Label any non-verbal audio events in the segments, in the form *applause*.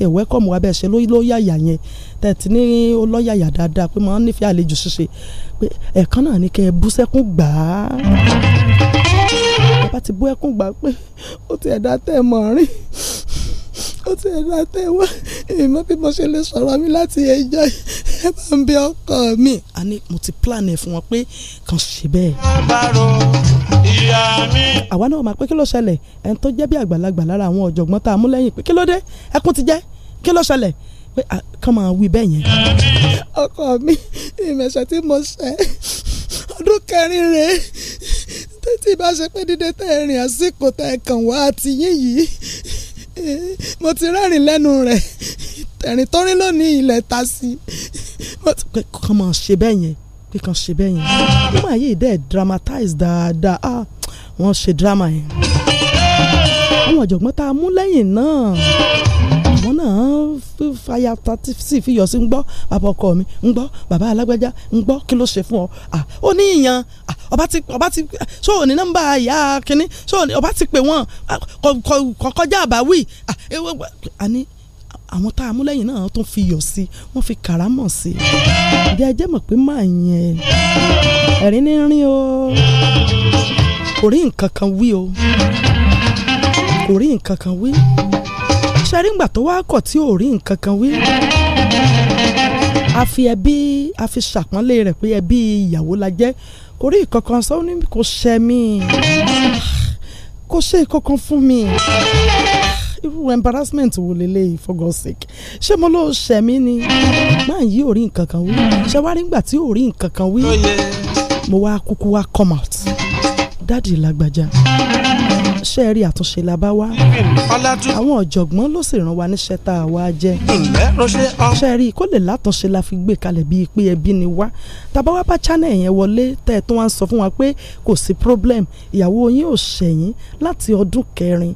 tiẹ̀ wẹ́kọ̀mù wa bẹ́ẹ̀ ṣe lóyàyà yẹn tẹ̀tí ní lọ́yàyà dáadáa pé màá nífẹ̀ẹ́ àlejò ṣíṣe pé ẹ̀kan náà ní kẹ́ ẹ bú sẹ́kún gbà á bá ti bú ẹkún gbà pé ó ti ẹ̀dá tẹ̀ mọ̀ rìn ó ti ẹ̀dá tẹ̀ wá èèmọ́ bí mo ṣe lè sọ̀rọ̀ mi láti ẹjọ́ yìí ẹ bá ń bẹ ọkọ mi àní mo ti plan ẹ fún wọn pé kàn ṣe bẹ́ẹ̀. àwa náà máa pé kí ló ṣẹlẹ̀ ẹni tó jẹ́ bí àgbàlagbà lára àwọn ọ̀jọ̀gbọ́n tá a mú lẹ́yìn pé kí ló dé ẹkún ti jẹ́ kí ló ṣẹlẹ̀ pé kàn máa wí bẹ́ẹ̀ yẹn. ọkọ mi ìmẹ̀ṣẹ̀ tí mo ṣe ọdún kẹrin rèé títí bá ṣe pé dídé tẹ́ ẹ̀rìn àsìkò tẹ́ ẹ̀kàn wá àtìyìn yìí mo ti rẹ́rìn lẹ́nu rẹ̀ tẹ̀rín tó rí lónìí ilẹ̀ ta sí i kàn máa ṣe bẹ́ẹ̀ yẹn pé kàn ṣe bẹ́ẹ̀ yẹn wọ́n máa yí dẹ́ dramatize dáadáa ah wọ́n ṣe drama yẹn àwọn ọ̀jọ̀gbọ́n tá a mú lẹ́yìn náà àwọn náà fàyà tàti sì fi yọ̀ sí ń gbọ́ bàbá ọkọ mi ń gbọ́ bàbá alágbájá ń gbọ́ kí ló ṣe fún ọ ó ní ìyàn ọba ti ọba ti so òní nọ́mbà ìyá kínní so ọba ti pè wọ́n kọkọjá àbáwí àní àwọn tá a mú lẹ́yìn náà tún fi yọ̀ sí wọ́n fi kàrámọ̀ sí ìdí ajé mọ̀ pé máa yẹn ẹ̀rín ní rín o kò rí nǹkan kan wí o kò rí nǹkan kan wí ṣẹ́rìngbà tó wá kọ̀ tí ò rí nǹkan kan wí a fi ẹbí a fi ṣàpọ́nlé rẹ̀ pé ẹbí ìyàwó la jẹ́ kò rí ìkankan sọ ní kò ṣẹ mí kò ṣe ìkankan fún mi irú embarrassment wo leléyìí for God's sake ṣé mo ló ṣẹ mí ni máa yí ò rí nǹkan kan wí ṣé wá rí ngbà tí ò nǹkan kan wí oh, mo wá kúkú wá come out dáàdi lágbájá ṣe rí àtúnṣe la bá wá àwọn ọ̀jọ̀gbọ́n ló sì ràn wá níṣẹ́ tá a wá jẹ́ ṣe rí kó lè látúnṣe la fi gbé kalẹ̀ bíi pé ẹbí ni wá tàbá wá bá channel yẹn wọlé tẹ́ ẹ tó wá ń sọ fún wa pé kò sí problem ìyàwó yín ò ṣẹ̀yìn láti ọdún kẹrin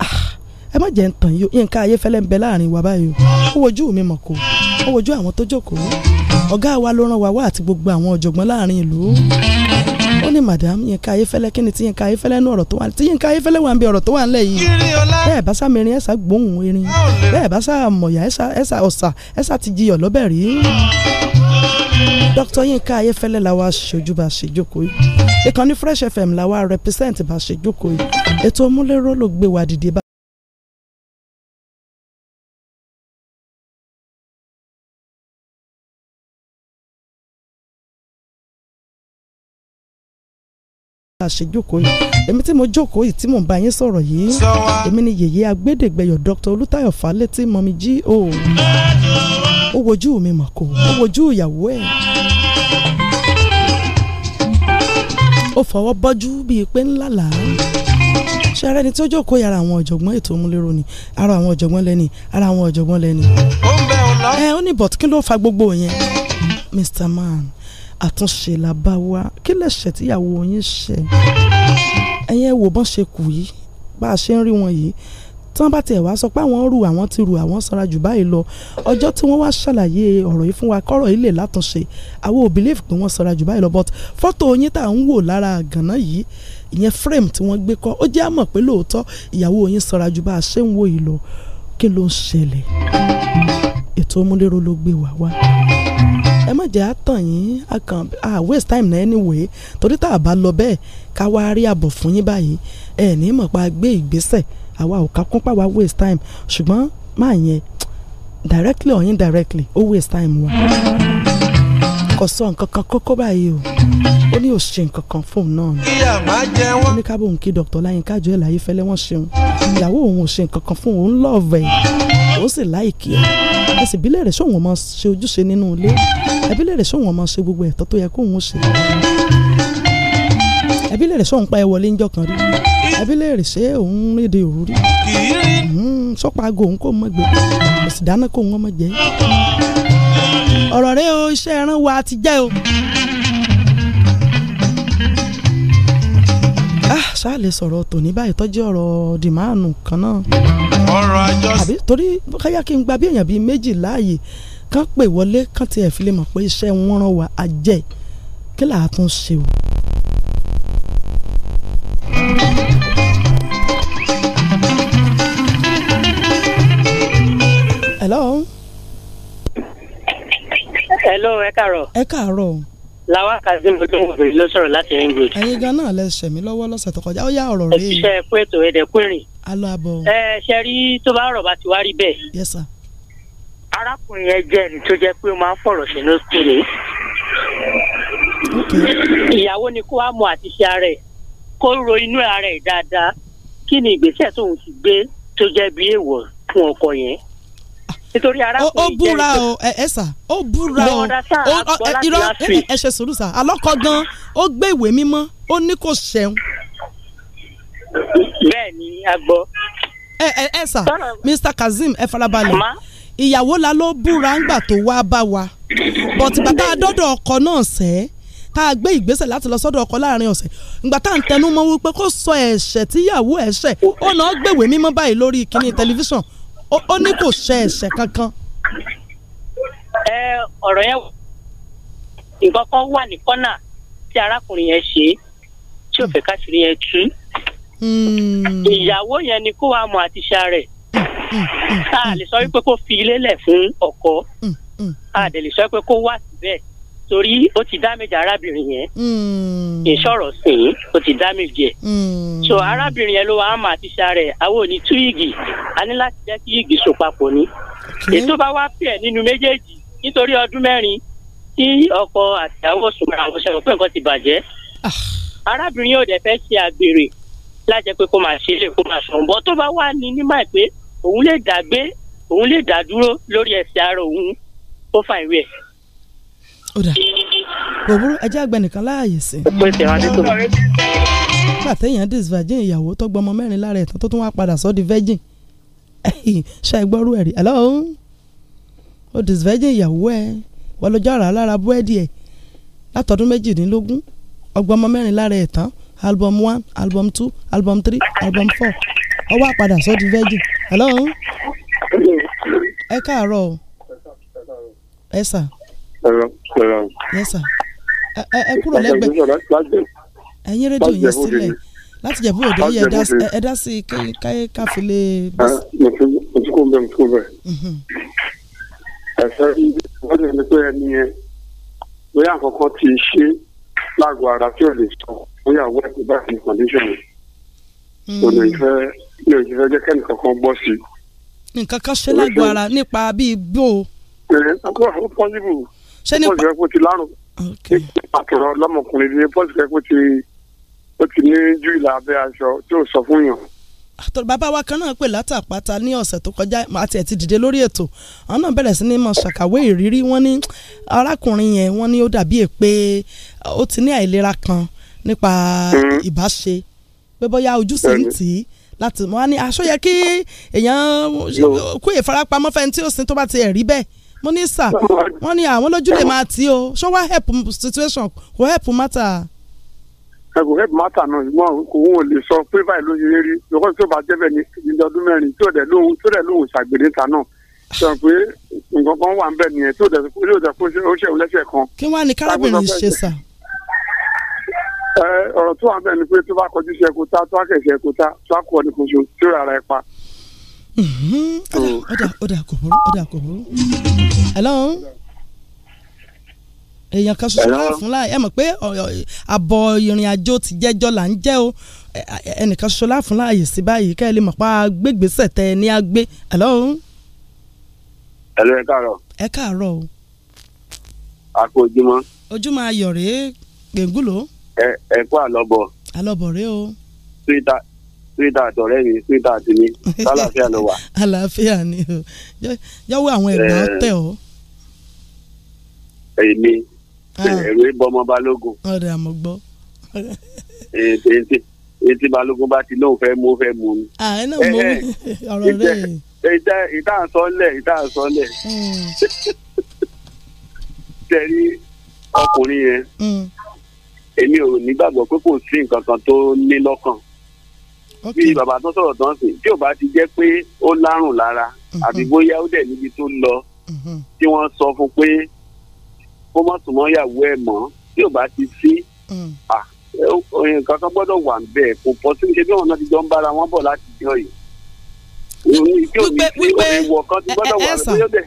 ah, ẹ má jẹ́ ń tàn yìí Yínká Ayéfẹ́lẹ́ ń bẹ láàrin wa báyìí ó wojú mi mọ̀ kó ó wojú àwọn tó ó ní madam yínká ayéfẹ́lẹ́ kí ni ti yínká ayéfẹ́lẹ́ nú ọ̀rọ̀ tó wà tí yínká ayéfẹ́lẹ́ wà ń bí ọ̀rọ̀ tó wà ń lẹ̀ yìí bẹ́ẹ̀ bá sá mẹ́rin ẹ̀sà gbóhùn erin bẹ́ẹ̀ bá sá mọ̀yà ẹ̀sà ọ̀sà ẹ̀sà ti jiyọ̀ lọ́bẹ̀ rí dr yínká ayéfẹ́lẹ́ la wa ṣojú bá ṣe jókòó yìí ìkànnì fresh fm la wa represent bá ṣe jókòó yìí ètò omúlérò ló a ṣe jókòó yìí èmi tí mo jókòó yìí tí mò ń bá yín sọ̀rọ̀ yìí èmi ni yèyé agbẹ́dẹ̀gbẹ́yọ̀ Dr. Olútáyọ̀ Fálétí mọ̀mí jí o ó wojú mi mọ̀ kó ó wojú ìyàwó ẹ̀ ó fọwọ́ bọ́jú bíi pé ńlá làá ṣẹ́ra ẹni tí ó jókòó yàrá àwọn ọ̀jọ̀gbọ́n ètò òmùlérò ni ara àwọn ọ̀jọ̀gbọ́n lẹ́ni ara àwọn ọ̀jọ̀gbọ́n lẹ́ni. ó ń bẹ òun lọ. ẹ ó ní bọ̀t kí ló fa gbogbo yẹn Mr. Man àtúnṣe la bá wá kí lẹ̀ṣẹ̀ tíyàwó yín ṣẹ̀ ẹ̀yẹn wò bọ́n ṣe kù yìí bá a ṣe ń rí wọn yìí tán bá tiẹ̀ wá sọ pé àwọn rù àwọn ti rù àwọn sanra jù báyìí lọ ọjọ́ tí wọ́n wá ṣàlàyé ọ̀rọ̀ yìí fún wa kọ́rọ̀ yìí lè látúnṣe àwọn ò bìlíf pé wọ́n sanra jù báyìí lọ but fọ́tò yín tá à ń wò lára gànà yìí ìyẹn frame tí wọ́n gbé kọ́ ó jẹ́ àmọ̀ pé lóòótọ́ ìyàwó yín sanra jù bá a ṣe ń wò yìí lọ kí ló ń ṣẹlẹ̀ ètò omúlérò ló gbé wá wá ẹ má jẹ́ àtàn yín a kàn waste time náà anyway torí tá a bá lọ bẹ́ẹ̀ ká wá rí ààbò fún yín báyìí ẹ ní mọ̀ pa gbé ìgbésẹ̀ àwa ò ká kún pa wá waste time ṣùgbọ́n máa yẹn directly or indirectly ó waste time wa kò sọ nǹkan kan kókó báyìí o ó ní òṣìṣẹ́ nǹkan kan fóun náà ni ó ní ká bóun kí dr láyínká jọ ẹ̀ láyé fẹ́lẹ́ wọ́n ṣeun ìyàwó òun òṣìṣẹ́ nǹkan kan fóun òun lọ́ọ̀vẹ̀ yìí ó sì láìkí ẹ ẹ sì bílẹ̀ rẹ̀ sóhun ọmọ ṣe ojúṣe nínú ilé ẹ bílẹ̀ rẹ̀ sóhun ọmọ ṣe gbogbo ẹ̀tọ́ tó yẹ kóhun ṣe ẹ bílẹ̀ rẹ̀ sóhun pa ẹ wọlé ńjọ́ kan rí ẹ bílẹ̀ rẹ̀ ṣé òun rédè òru rí sọ́pà hmm, aago òun kò mọ̀ gbé kò sì dáná kóhun ọmọ jẹ́ ọ̀rọ̀ rẹ o iṣẹ́ ẹran wa ti jẹ́ o. Ah, ṣáà lè sọ̀rọ̀ tòní báyìí tọ́jú ọ̀rọ̀ dìmáànù kan náà. ọ̀rọ̀ àjọ. àbí torí káyà kí n gba bí èèyàn bíi méjì láàyè kán pè wọlé kán tiẹ̀ fi lè mọ̀ pé iṣẹ́ wọn rán wa ajẹ́ kí làá tún ṣe o. hello. hello ẹ káàárọ̀. ẹ káàárọ̀ làwa kazeem olóńgbò ló sọ̀rọ̀ láti ring road. ẹ̀yin gan náà lẹ ṣẹ̀mí lọ́wọ́ lọ́sẹ̀ tó kọjá ó yá ọ̀rọ̀ rèé. òṣìṣẹ́ epo ètò ẹ̀dẹ̀ pínrin. alo abo. ẹ ṣe rí tó bá ọ̀rọ̀ bá ti wá rí bẹ́ẹ̀. yes sir. arákùnrin yẹn jẹ́ ẹni tó jẹ́ pé ó máa ń fọ̀rọ̀ sínú kiri. ìyàwó ni kó wá mọ àti ṣe ara ẹ̀ kó ro inú ara ẹ̀ dáadáa kí ni ìgbésẹ̀ tóun ti gbé tó jẹ́ bí èèwọ̀ fún ọkọ yẹn nítorí arákùnrin jẹ́ ó búra o ẹ sà ó búra o irọ́ ẹ ṣe sùúrù sà alọ́kọ̀ gan ó gbé ìwé mímọ́ ó ní kò ṣẹun. bẹ́ẹ̀ ni a gbọ́. ẹ ẹ ẹ sà Mr Kazeem ẹ farabalẹ̀ ìyàwó la ló búra ńgbà tó wá bá wa bọ̀tì bàbá adọ́dọ̀ ọkọ náà sẹ́ẹ́ tá a gbé ìgbésẹ̀ láti lọ sọ́dọ̀ ọkọ láàrin ọ̀sẹ̀ ìgbà tá à ń tẹnu mọ́ wípé kó sọ ẹ̀ṣẹ̀ tíyàwó ẹ̀ṣẹ̀ ó náà gbèwé mímọ́ báyìí lórí ìkíni tẹlifíṣàn ó ní kò ṣe ẹ̀ṣẹ̀ kankan. ẹ ọ̀rọ̀ yẹn nǹkan kan wà ní kọ́nà tí arákùnrin yẹn ṣe tí ò káṣírí yẹn tú. Hmm. ìyàwó yẹn ni kó wàá mọ àtiṣà rẹ̀ hmm, hmm, a lè sọ wípé kó fi ilé lẹ̀ fún ọkọ a lè sọ wípé kó wà síbẹ̀ torí ó ti damage arábìnrin yẹn hmm. ìṣòro sìn ó ti damage yẹ hmm. so arábìnrin yẹn ló wà á mà ti ṣàrẹ̀ àwọn ò ní tú igi a ní láti jẹ́ kí igi so papọ̀ ni ètò bá wá pẹ̀ nínú méjèèjì nítorí ọdún mẹ́rin tí ọkọ àtìyàwó sùnmọ́ àwọn ṣẹ̀wọ̀n pé nǹkan ti bàjẹ́ ah. arábìnrin yóò dẹ̀ fẹ́ ṣe àgbèrè lájẹ pé kó máa ṣe é lè kó máa sàn bọ́ tó bá wà ní nímọ̀ pé òun lè dàgbé òun lè dàdúró lórí ẹsẹ̀ ara òun ó fà ìwé ẹ̀ ó dà òwúrọ̀ ẹjẹ́ àgbẹ̀ nìkan láàyè sí. pé tẹ̀wá dé tó. nígbà téèyàn dis virgin ìyàwó tó gbọmọ mẹ́rin lára ẹ̀tàn tó tún wá padà sọ́ di virgin ṣe gbọ́rú ẹ̀rí hello ó dis virgin ìyàwó ẹ̀ wọ́n lọ́jọ́ àrà lára búrẹ́dì ẹ̀ látọdún méjìdínlógún ọgbọmọ mẹ́rin lára ẹ̀tàn album one album two album three album four ọwọ́ àpadà sọ́ di virgin hello ẹ káàárọ̀ ẹ sà ẹ kúrò lẹ́gbẹ̀ẹ́ ẹ̀yin rédíò yẹn sílẹ̀ láti jẹ̀bú òde yìí ẹ dá sí káyé káfílẹ̀ bẹ́sẹ̀. mo ti kó bẹ́ẹ̀ mo ti mhm. bóyá àkọ́kọ́ ti ṣe lágọ̀ọ́ ara tí ò lè sọ bóyá wọ́n ti bá ti condition ònà hmm. ìfẹ́ ní òṣìṣẹ́ jẹ́ kẹ́ni kankan bọ́ sí. nǹkan kan ṣe lágọ̀ọ́ ara nípa bíi bó. ẹ̀ ẹ̀ ọkọ̀ ọ̀hún pọ́njúbù ṣé nípa pọ́sì kẹ́kọ̀ọ́ ti lárùn àtọ̀rọ̀ ọlọ́mọkùnrin ní pọ́sì kẹ́kọ̀ọ́ ti ó ti ní jù ìlà abẹ́ aṣọ tí ò sọ fún yàn. àtọ̀rọ̀ bàbá wa kan náà pè látàpáta ní ọ̀sẹ̀ tó kọjá àti ẹ̀ ti dìde lórí ètò àwọn náà bẹ̀rẹ̀ sí ní mọ̀ ṣàkàwé ìrírí wọn ní arákùnrin yẹn wọ́n ní ó dàbí è pé ó ti ní àìlera kan nípa mm-hmm. ìbáṣe pé bóyá ojú sì ń mm-hmm. tì í láti mọ́ á ní aṣọ yẹ kí èèyàn kó ìfarapamọ́ fẹ́ni tí ó sin tó bá ti ẹ̀ bẹ́ẹ̀ mo ní sà wọ́n ní ah, àwọn lójú lè máa tí o ṣó wá help situation kò help matter. ẹ kò help matter náà ṣùgbọ́n kò wọ́n lè sọ pé báyìí ló ṣe rí lọ́kọ́ tí ó bá jẹ́ bẹ́ẹ̀ ní ìdọ́dún mẹ́rin tí ó dẹ̀ lóhùn tí ó dẹ̀ lóhùn ṣàgbèrè ta náà sọ pé nǹkan kan wà ń bẹ̀ nìyẹn tí ó dẹ̀ ó dẹ̀ kó ó ṣe òlẹ́sẹ̀ kan. kí wọ́n á ní kárábìnrin ṣe sà. ọ̀rọ̀ tó wà ń bẹ̀ ni pé tó bá kọjú sí ẹ̀kúta tó á kẹ̀ ọ̀dà ọ̀dà kò burú ọ̀dà kò burú. hello èèyàn kan ṣoṣo náà fún láàyè ẹ mọ̀ pé àbọ̀ ìrìn àjò ti jẹ́jọ́ là ń jẹ́ o ẹnìkan ṣoṣo náà fún láàyè sí báyìí kẹ́ ẹ lè mọ̀ pa gbégbèsè tẹ ẹ ní agbé. hello. hello ẹ káàárọ̀. ẹ káàárọ̀ o. a kò ojúmọ́. ojúmọ́ ayọ̀ rèé gbẹ̀ngúlò. ẹ ẹ kó àlọ́bọ̀. àlọ́bọ̀ rèé o. twitter síta àtọ̀rẹ́ mi síta àtìmí lálàáfíà *laughs* ló wà. àlàáfíà ni o yọwọ àwọn ẹ̀gbọ́n eh. tẹ ọ. èmi ah. ẹ̀rù ìbọmọ balógun. ọ̀rẹ́ àmọ́ gbọ́. etí eh, eh, balógun bá ti lóun fẹ́ mú fẹ́ mú ni. ààrẹ ah, náà mú *laughs* ọ̀rọ̀ rẹ̀. ìta àsọ̀lẹ̀ ìta àsọ̀lẹ̀. tẹ̀rí hmm. ọkùnrin yẹn hmm. èmi ò nígbàgbọ́ pé kò sí nǹkan kan tó ní lọ́kàn bí bàbá tó sọ̀rọ̀ tán sí tí ò bá ti jẹ́ pé ó lárùn lára mhm. àti bóyá ó dẹ̀ níbi tó lọ mhm. tí wọ́n sọ fún pé kó má sùn mọ́ ìyàwó ẹ̀ mọ́ tí ò bá ti sí mhm. nǹkan kan gbọ́dọ̀ wà ń kò pọ̀ sí ṣe bí wọn náà ti jọ ń bára wọn bọ̀ láti jọ yìí. wípé wípé ẹ ẹ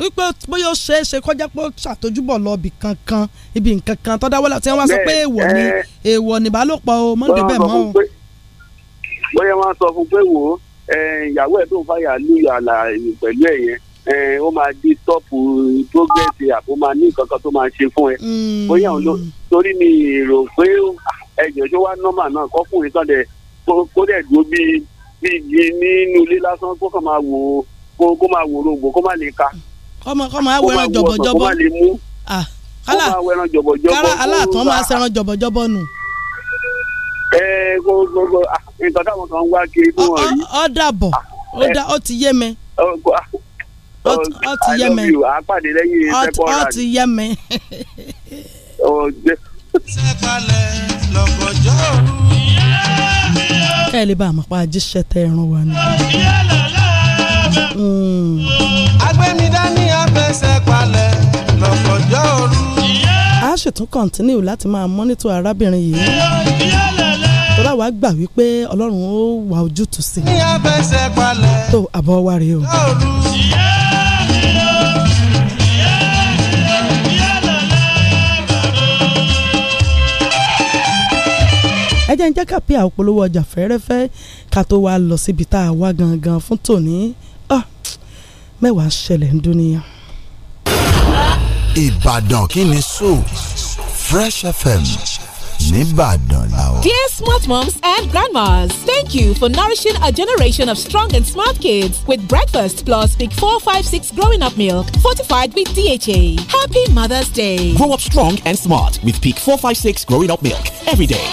wípé bóyá ó ṣe é ṣe kọjá pé ó ṣàtójúbọ̀ lọ ibì kankan ibì kankan tọ́dáwọ́lá tí wọ́n wá sọ pé èèwọ̀ ni èèwọ̀ ni ìbálòpọ̀ o mọ́ níbẹ̀ mọ́ o bóyá wọn sọ fún pé wò ó eh, ìyàwó ẹ̀ tó ń fàyà lùyọ àlà pẹ̀lú ẹ̀ yẹn eh, ó máa di tọ́pù eh, progress àbó máa ní nǹkan kan tó máa ṣe fún ẹ. Hmm. bóyá òun ló torí mi rò pé ẹjọ́ tó wá nọ́mà náà kọ́kùnrin kan dẹ̀ kó dẹ̀ dúró bíi bíi di nínú ilé lásán kó kàn máa wò ó kó máa wò rògbò kó má lè ka. kọ́mọ kọ́mọ awẹ́ran jọ̀bọ̀jọ̀bọ̀ kó máa wẹ́ran jọ̀bọ̀jọ̀bọ̀ ah, kó máa wẹ́ran jọ̀bọ̀jọ̀bọ̀ nù ẹ gbogbo ah, nǹkan táwọn kan ń wá kiri fún wọn rí. ó dàbọ̀ ó ti yé mi ó ti yé mi ó ti yé mi. kẹ́ ẹ lè bá àmọ́ ajíṣẹ́ tẹ ẹran wa ni. Hmm. agbẹ́mídání afẹsẹ̀ palẹ̀ lọ́kọ̀jọ́ òru sì tún kọ̀ǹtínú láti máa mọ́nítọ̀ arábìnrin yìí tọ́lá wa gbà wípé ọlọ́run ó wà ojútùú sí i tó àbọ̀ wa rèé o. ẹ jẹ́ ń jẹ́ kàpí àpolówó ọjà fẹ́rẹ́fẹ́ ká tó wá lọ síbi tá a wá gangan fún tòní mẹ́wàá ń ṣẹlẹ̀ ń dúnìyàn. Ìbàdàn kí ni sóò Fresh FM Dear smart moms and grandmas, thank you for nourishing a generation of strong and smart kids with breakfast plus Peak 456 growing up milk fortified with DHA. Happy Mother's Day. Grow up strong and smart with Peak 456 growing up milk every day.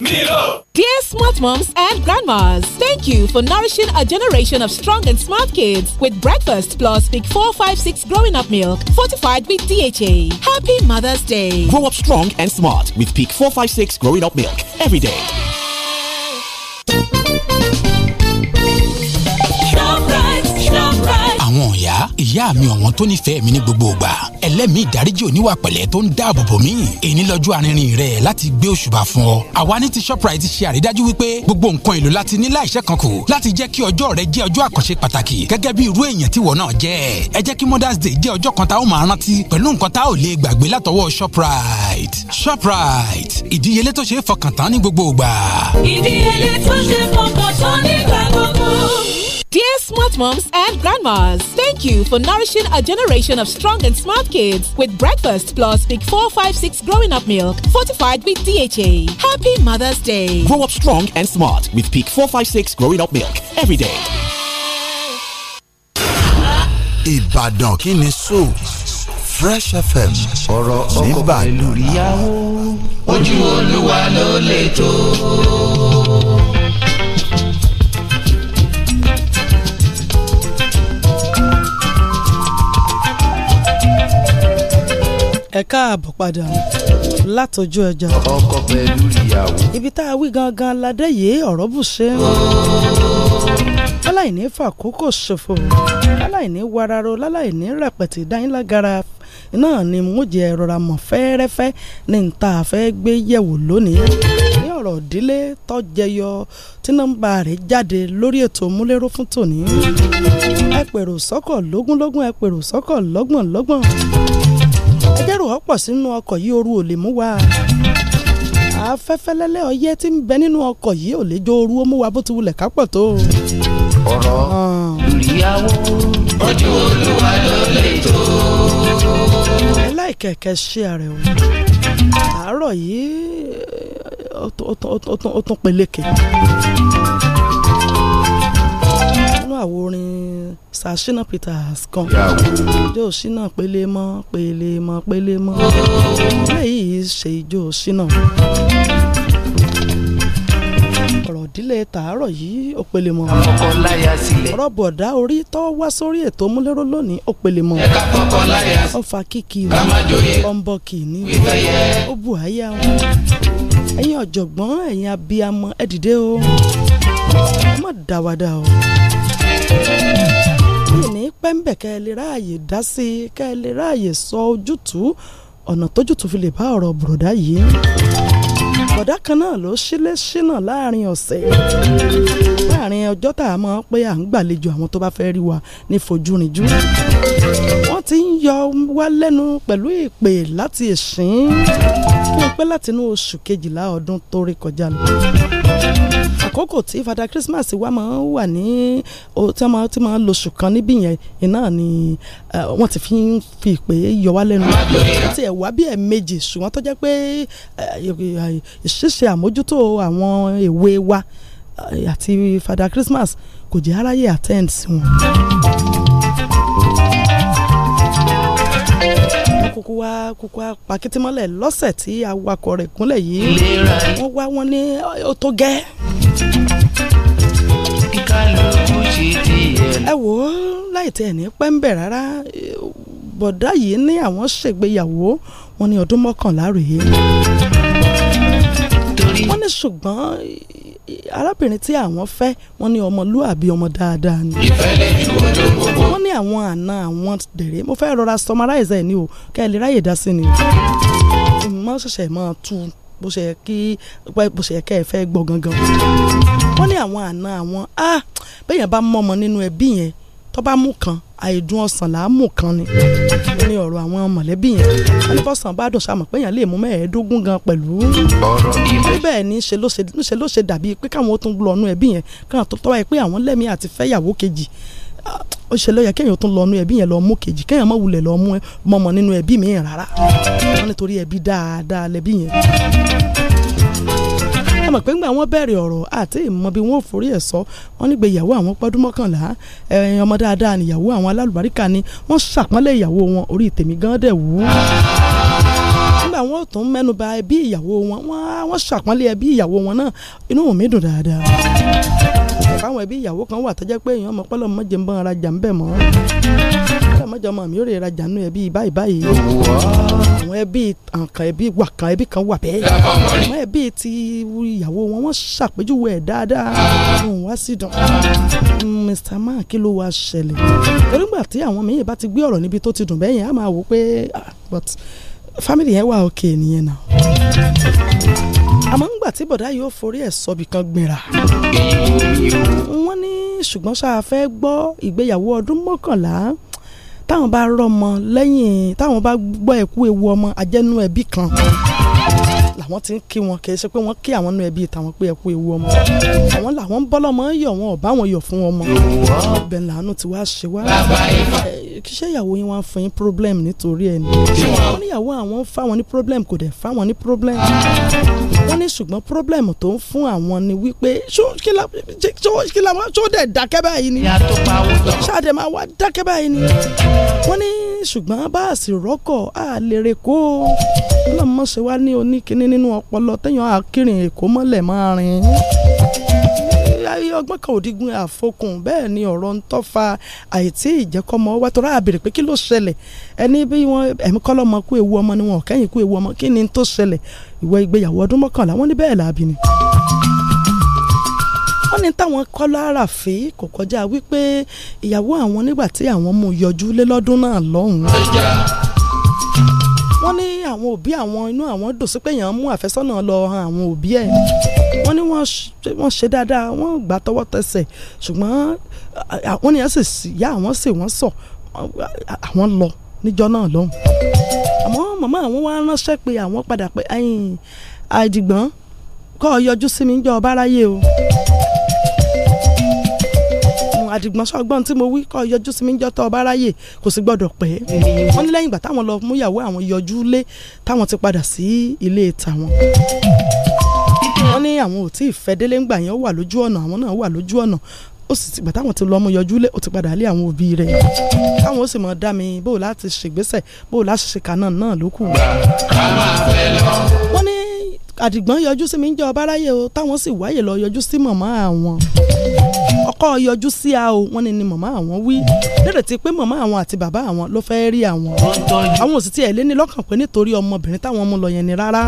Dear smart moms and grandmas, thank you for nourishing a generation of strong and smart kids with breakfast plus Peak 456 growing up milk fortified with DHA. Happy Mother's Day. Grow up strong and smart with Peak 456 growing up milk every day. ìyá mi ọ̀wọ́n tó nífẹ̀ẹ́ mi ní gbogbo ìgbà ẹlẹ́mìí ìdáríjì oníwà pẹ̀lẹ́ tó ń dáàbò bò mí èyí lọ́jọ́ arìnrìn rẹ̀ láti gbé òṣùbà fún ọ. àwa ní ti shoprite ṣe àrídájú wípé gbogbo nǹkan èlò láti ní láìṣẹ́ kan kù láti jẹ́ kí ọjọ́ rẹ jẹ́ ọjọ́ àkànṣe pàtàkì gẹ́gẹ́ bí irú èèyàn tíwọ náà jẹ́ ẹ jẹ́ kí mother's day jẹ́ ọjọ́ kan tá ó shoprite shoprite ìdíyelé tó ṣe é fọkàn tán ní gbogbo ìgbà. ìdíyelé tó ṣe Dear smart moms and grandmas, thank you for nourishing a generation of strong and smart kids with breakfast plus Peak 456 growing up milk fortified with DHA. Happy Mother's Day. Grow up strong and smart with Peak 456 growing up milk every day. Ibadan kini so Fresh FM ọ̀rọ̀ Nìbàdàn. Ojú Olúwa ló lè tó. ẹ káàbọ̀ padà látọjú ẹja. ọkọ pẹ̀lú ìyàwó. ibi tá a wí gangan ládé yìí ọ̀rọ̀ bù ṣe ń láláìní fàkókò ṣòfò láláìní wararo láláìní rẹpẹtì dáńlágara náà ni mo jẹ rọra mọ fẹ́ẹ́rẹ́fẹ́ ní n ta fẹ́ gbé yẹ̀wò lónìí ní ọ̀rọ̀ ìdílé tọ́jẹyọ tí nọ́mbà rẹ̀ jáde lórí ètò múlẹ́rọ́ fún tòní ẹ pèrò sọ́kọ̀ lógúnlógún ẹ pèrò sọ́kọ̀ lọ́gbọ̀nlọ́gbọ̀n ẹjẹ́rò ọ̀pọ̀ sínú ọkọ̀ yìí ooru ò lè mú wa afẹ́fẹ́lẹ́lẹ́ ọyẹ́ tí ń bẹ nínú ọkọ̀ yìí ò lè jó ooru ó mú wa bó ti wulẹ̀ kápọ̀ tó. ọ̀rọ̀ ìyàwó ojú olúwa ló lè tó. ẹ láì ṣe ààrẹ o àárọ̀ yìí ó tún peléke nínú àwo Sir Shina Peters kan ijó Shina pélé mọ́ pélé mọ́ pélé mọ́ lẹ́yìn ṣe ijó Shina ọ̀rọ̀ ìdílé tàárọ̀ yìí òpèlè mọ́. àkọ́kọ́ láyà sílẹ̀. ọ̀rọ̀ bọ̀dá orí tọ́ wá sórí ètò múlẹ́rọ́ lónìí òpèlè ọ̀fà kìkì wọn. kàmájòyè. ọ̀nbọ̀ àyà wọn. ẹ̀yin ọ̀jọ̀gbọ́n ẹ̀yin abiyamọ ẹ o. ẹ má dáwàdà o pẹ́ ń bẹ̀ kẹ́ ẹ lè ráàyè dá sí i kẹ́ ẹ lè ráàyè sọ ojútùú ọ̀nà tójútùú fi lè bá ọ̀rọ̀ bùrọ̀dá yìí bọ̀dá kan náà ló sílé sínà láàrin ọ̀sẹ̀ láàrin ọjọ́ tá a mọ̀ pé à ń gbàlejò àwọn tó bá fẹ́ rí wa ní fojúrinjú wọ́n ti ń yọ wá lẹ́nu pẹ̀lú ìpè láti ìsín tó pẹ́ látinú oṣù kejìlá ọdún tó rí kọjá lọ àkókò tí fada Christmas wa máa ń wà ní tí wọ́n ti máa ń lóṣù kan níbí yẹn iná ni wọ́n ti fi ń fi pé yọ wá lẹ́nu ti wá bí ẹ̀ ṣùgbọ́n tó jẹ́ pé ṣíṣe àmójútó àwọn èwe wa àti fada Christmas kò jẹ́ aráyé attend sí wọn. kúkú wá kúkú wá pàkítímọ́lẹ̀ lọ́sẹ̀ tí awakọ̀ rẹ̀ kúnlẹ̀ yìí wọ́n wá wọn ní ó tó gẹ́. ẹ wò ó láì tẹ ní pẹ́ńbẹ̀ rárá bọ̀dá yìí ní àwọn ṣègbéyàwó wọn ní ọdún mọ́kànlá rèé wọ́n ní ṣùgbọ́n arábìnrin tí àwọn fẹ́ wọ́n ní ọmọlúàbí ọmọ dáadáa ni. wọ́n ní àwọn àna àwọn dèrè mo fẹ́ rọra summarize ẹ̀ ní o kẹ́ ráyè dá sí ni. ìmọ̀ ṣẹ̀ṣẹ̀ máa tú bó ṣe yẹ kí bó ṣe yẹ kẹ́ ẹ fẹ́ gbọ́ gangan. wọ́n ní àwọn àna àwọn ah, bẹ́ẹ̀ yẹn bá mọ́ ọmọ nínú ẹbí yẹn tó bá mú kan àìdùn ọsàn là á mú kan ni ní ọ̀rọ̀ àwọn mọ̀lẹ́bí yẹn wọ́n bá dùn sàmọ̀ pé èèyàn lè mú mẹ́ẹ̀ẹ́dógún gan pẹ̀lú. bẹ́ẹ̀ ni ṣe ló ṣe dàbí pé káwọn ó tún lọ ọ̀nù ẹbí yẹn káwọn tó tọ́wọ́ pé àwọn lẹ́mìí àti fẹ́yàwó kejì ó ṣe ló kéèyàn tún lọ ọ̀nù ẹbí yẹn lọ mú kejì kéèyàn má wulẹ̀ lọ mú nínú ẹbí mi ẹ mọ̀ pé ńgbà wọ́n bẹ̀rẹ̀ ọ̀rọ̀ àti ìmọ̀ bí wọ́n ò forí ẹ̀ sọ wọ́n nígbà ìyàwó àwọn pọ́dún mọ́kànlá ẹ̀yìn ọmọ dáadáa nìyàwó àwọn alálùbáríkà ni wọ́n ṣàpọ́nlé ìyàwó wọn orí tèmi gan dẹ̀ wú nígbà wọn ò tún mẹ́nuba ẹbí ìyàwó wọn wọ́n ṣàpọ́nlé ẹbí ìyàwó wọn náà inú mi dùn dáadáa káwọn ẹbí ìyàwó kan wà tó jẹ́ pé èèyàn ọmọ pẹ́lú jẹ́ ń bọ́n ara jà ń bẹ̀ mọ́ ọmọdé ọmọ mi ò lè rajà nù ẹbí báyìí báyìí àwọn ẹbí àǹkà ẹbí wà kan ẹbí kan wà bẹ́ẹ̀ àwọn ẹbí ti ìyàwó wọn wọ́n ṣàpèjúwe ẹ̀ dáadáa òun wá sí dùn Mr. man kí ló wá ṣẹlẹ̀ torí gbà tí àwọn míì bá ti gbé ọ̀rọ̀ níbi tó ti dùn bẹ́yẹn á máa wò pé ah, family yẹn wà òkè nìyẹn náà àmọ́ ńgbà tí bọ̀dá yóò forí ẹ̀ sọ́bì kan gbìnrà. wọ́n ní ṣùgbọ́n ṣáà fẹ́ gbọ́ ìgbéyàwó ọdún mọ́kànlá táwọn bá rọ́mọ lẹ́yìn táwọn bá gbọ́ ẹ̀kú ewu ọmọ ajẹ́nu ẹbí kan làwọn ti ń kí wọn kì í ṣe pé wọ́n kí àwọn nú ẹbí tàwọn pé ẹ kú ewu ọmọ àwọn làwọn ń bọ́lọ́mọ wọn ọ̀bá wọn yọ̀ fún ọmọ ibẹ̀ làánú ti wá ṣe wá kí ìyàwó yín wá ń fún yín problem nítorí ẹ ni wọ́n níyàwó àwọn ń fáwọn ní problem kò dẹ̀ fáwọn ní problem wọ́n ní ṣùgbọ́n problem tó ń fún àwọn ni wípé kí dẹ̀ dákẹ́ báyìí ni ṣáàdẹ̀ máa wá dákẹ́ báyìí ni wọ́n ní ṣùgbọ́n bá a sì kó o ọlọ́run mọ̀ ṣe wá ní oníkíní nínú ọpọlọ téèyàn akírin èkó mọ́lẹ̀ máa rin ọgbọ́n kan òdigun àfokùn bẹ́ẹ̀ ni ọ̀rọ̀ ń tọ́fa àìtí ìjẹ́kọ́mọ wá tó ráàbìrì pé kí ló ṣẹlẹ̀ ẹni bí wọ́n ẹ̀mí kọ́lọ́mọ kú ewu ọmọ ni wọn kẹ́yìn kú ewu ọmọ kí ni tó ṣẹlẹ̀ ìwọ ìgbéyàwó ọdún mọ́kànlá wọ́n ní bẹ́ẹ̀ làbí ni wọ́n ní táwọn kọ́ lára fi kò kọjá wípé ìyàwó àwọn nígbà tí àwọn mú yọjú lé lọ́dún náà lọ́hùn-ún àwọn òbí àwọn inú àwọn dùn sí pé èèyàn mú àfẹ́sọ́nà lọ han àwọn òbí ẹ̀ wọ́n ní wọ́n ṣe dáadáa wọ́n gbà tọwọ́ tẹsẹ̀ ṣùgbọ́n àwọn èèyàn sì yá àwọn sì wọ́n sọ àwọn lọ níjọ́ náà lọ́hùn àmọ́ màmá àwọn wá ránṣẹ́ pé àwọn padà pé àdìgbọ́n kọ́ ọ yọjú sí mi ń jọ ọba ráyé o àdìgbọ́nsọ́gbọ́n tí mo wí kọ́ yọjú sí mi jọ́ tọ́ ọba ráyè kò sì gbọ́dọ̀ pẹ́ wọ́n ní lẹ́yìn ìgbà táwọn lọ múyàwó àwọn yọjú lé táwọn ti padà sí ilé tàwọn wọ́n ní àwọn ò tí ì fẹ́ délé ńgbà yẹn ó wà lójú ọ̀nà àwọn náà wà lójú ọ̀nà ó sì ti gbà táwọn ti lọ ọmọ yọjú lé ó ti padà lé àwọn òbí rẹ̀ táwọn ó sì mọ̀ dá mi bó o láti ṣègbésẹ̀ bó o láti ṣe kànáà náà lókù. ká máa fẹ́ lọ àdìgbọ́n yọjú sí mi ń jẹ́ ọba ráyè o táwọn sì wáyè lọ yọjú sí màmá àwọn ọkọ yọjú sí a o wọ́n ní ni màmá àwọn wí lérè tí pé màmá àwọn àti bàbá àwọn ló fẹ́ rí àwọn àwọn ò sì tiẹ̀ lé ní lọ́kàn pé nítorí ọmọbìnrin táwọn mú lọ yẹn ni rárá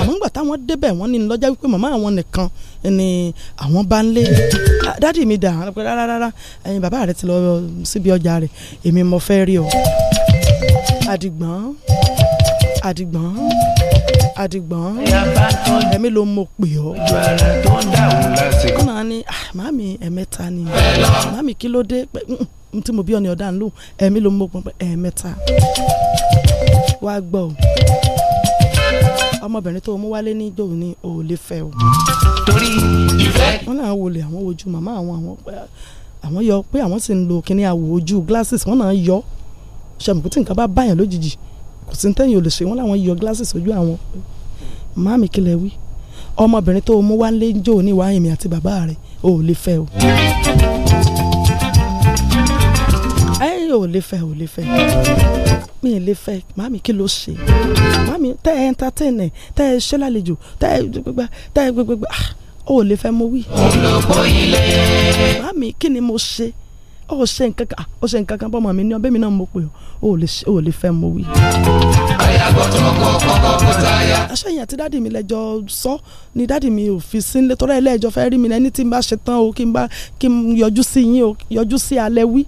àmọ́ ńgbà táwọn débẹ̀ wọ́n ní lọ́jà wípé màmá àwọn nìkan ni àwọn bá ń lé dádì mi dà rárá rárá ẹ̀yin bàbá rẹ ti lọ síbi ọjà rẹ èmi mo fẹ́ rí ọ àdìgbọ́n àdìgbọ́n àdìgbọ́n ẹ̀mí ló mọ̀ pè ọ́. wọ́n náà ní ah, màmí ẹ̀mẹ́ta ni màmí kí ló dé mm, mm, tí mo bí ọ̀nì ọ̀dà ń lò ẹ̀mí ló mọ̀ pọ̀ ẹ̀mẹ́ta. wá gbọ́ ọmọbìnrin tó mú wálé níjó ni ò lè fẹ́ o. torí ìfẹ́. wọ́n náà wọlé àwọn ojú màmá àwọn àwọn pẹ́ àwọn yọ pé àwọn sì ń lo kíní àwò ojú glasses wọ́n náà yọ ṣàmùkú tí nǹkan bá báyàn lójijì kò sí tẹ́yìn ò lè ṣe wọ́n láwọn yọ glasses ojú àwọn màmí kílẹ̀ wí ọmọbìnrin tó mú wálé ń jó ní wáyé àti bàbá rẹ̀ ò lè fẹ́ o. ẹ ò lè fẹ́ ò lè fẹ́ mi lè fẹ́ màmí kí ló ṣe màmí tẹ́ ẹ entertain ẹ tẹ́ ẹ ṣe lálejò tẹ́ ẹ gbẹgbẹ tẹ́ ẹ gbẹgbẹ ah, ò lè fẹ́ mo wí. olùkọ́ ilé. màmí kí ni mo ṣe ọ ṣe nkankan ọ ṣe nkankan bọ́mọ mi ní ọbẹ̀ mi náà mo pè ọ ò lè fẹ́ mo wí. àyàgbọ́ tọkọ kọ́kọ́ kó táyà. aṣọ ìyàn àti dáàdì mi lẹ́jọ́ sọ ni dáàdì mi ò fi sí nílé tọ́lá ẹlẹ́jọ́ fẹ́ rí mi lẹ́ni tí n bá ṣe tán o kí n bá kí n yọjú sí yín o yọjú sí alẹ́ wí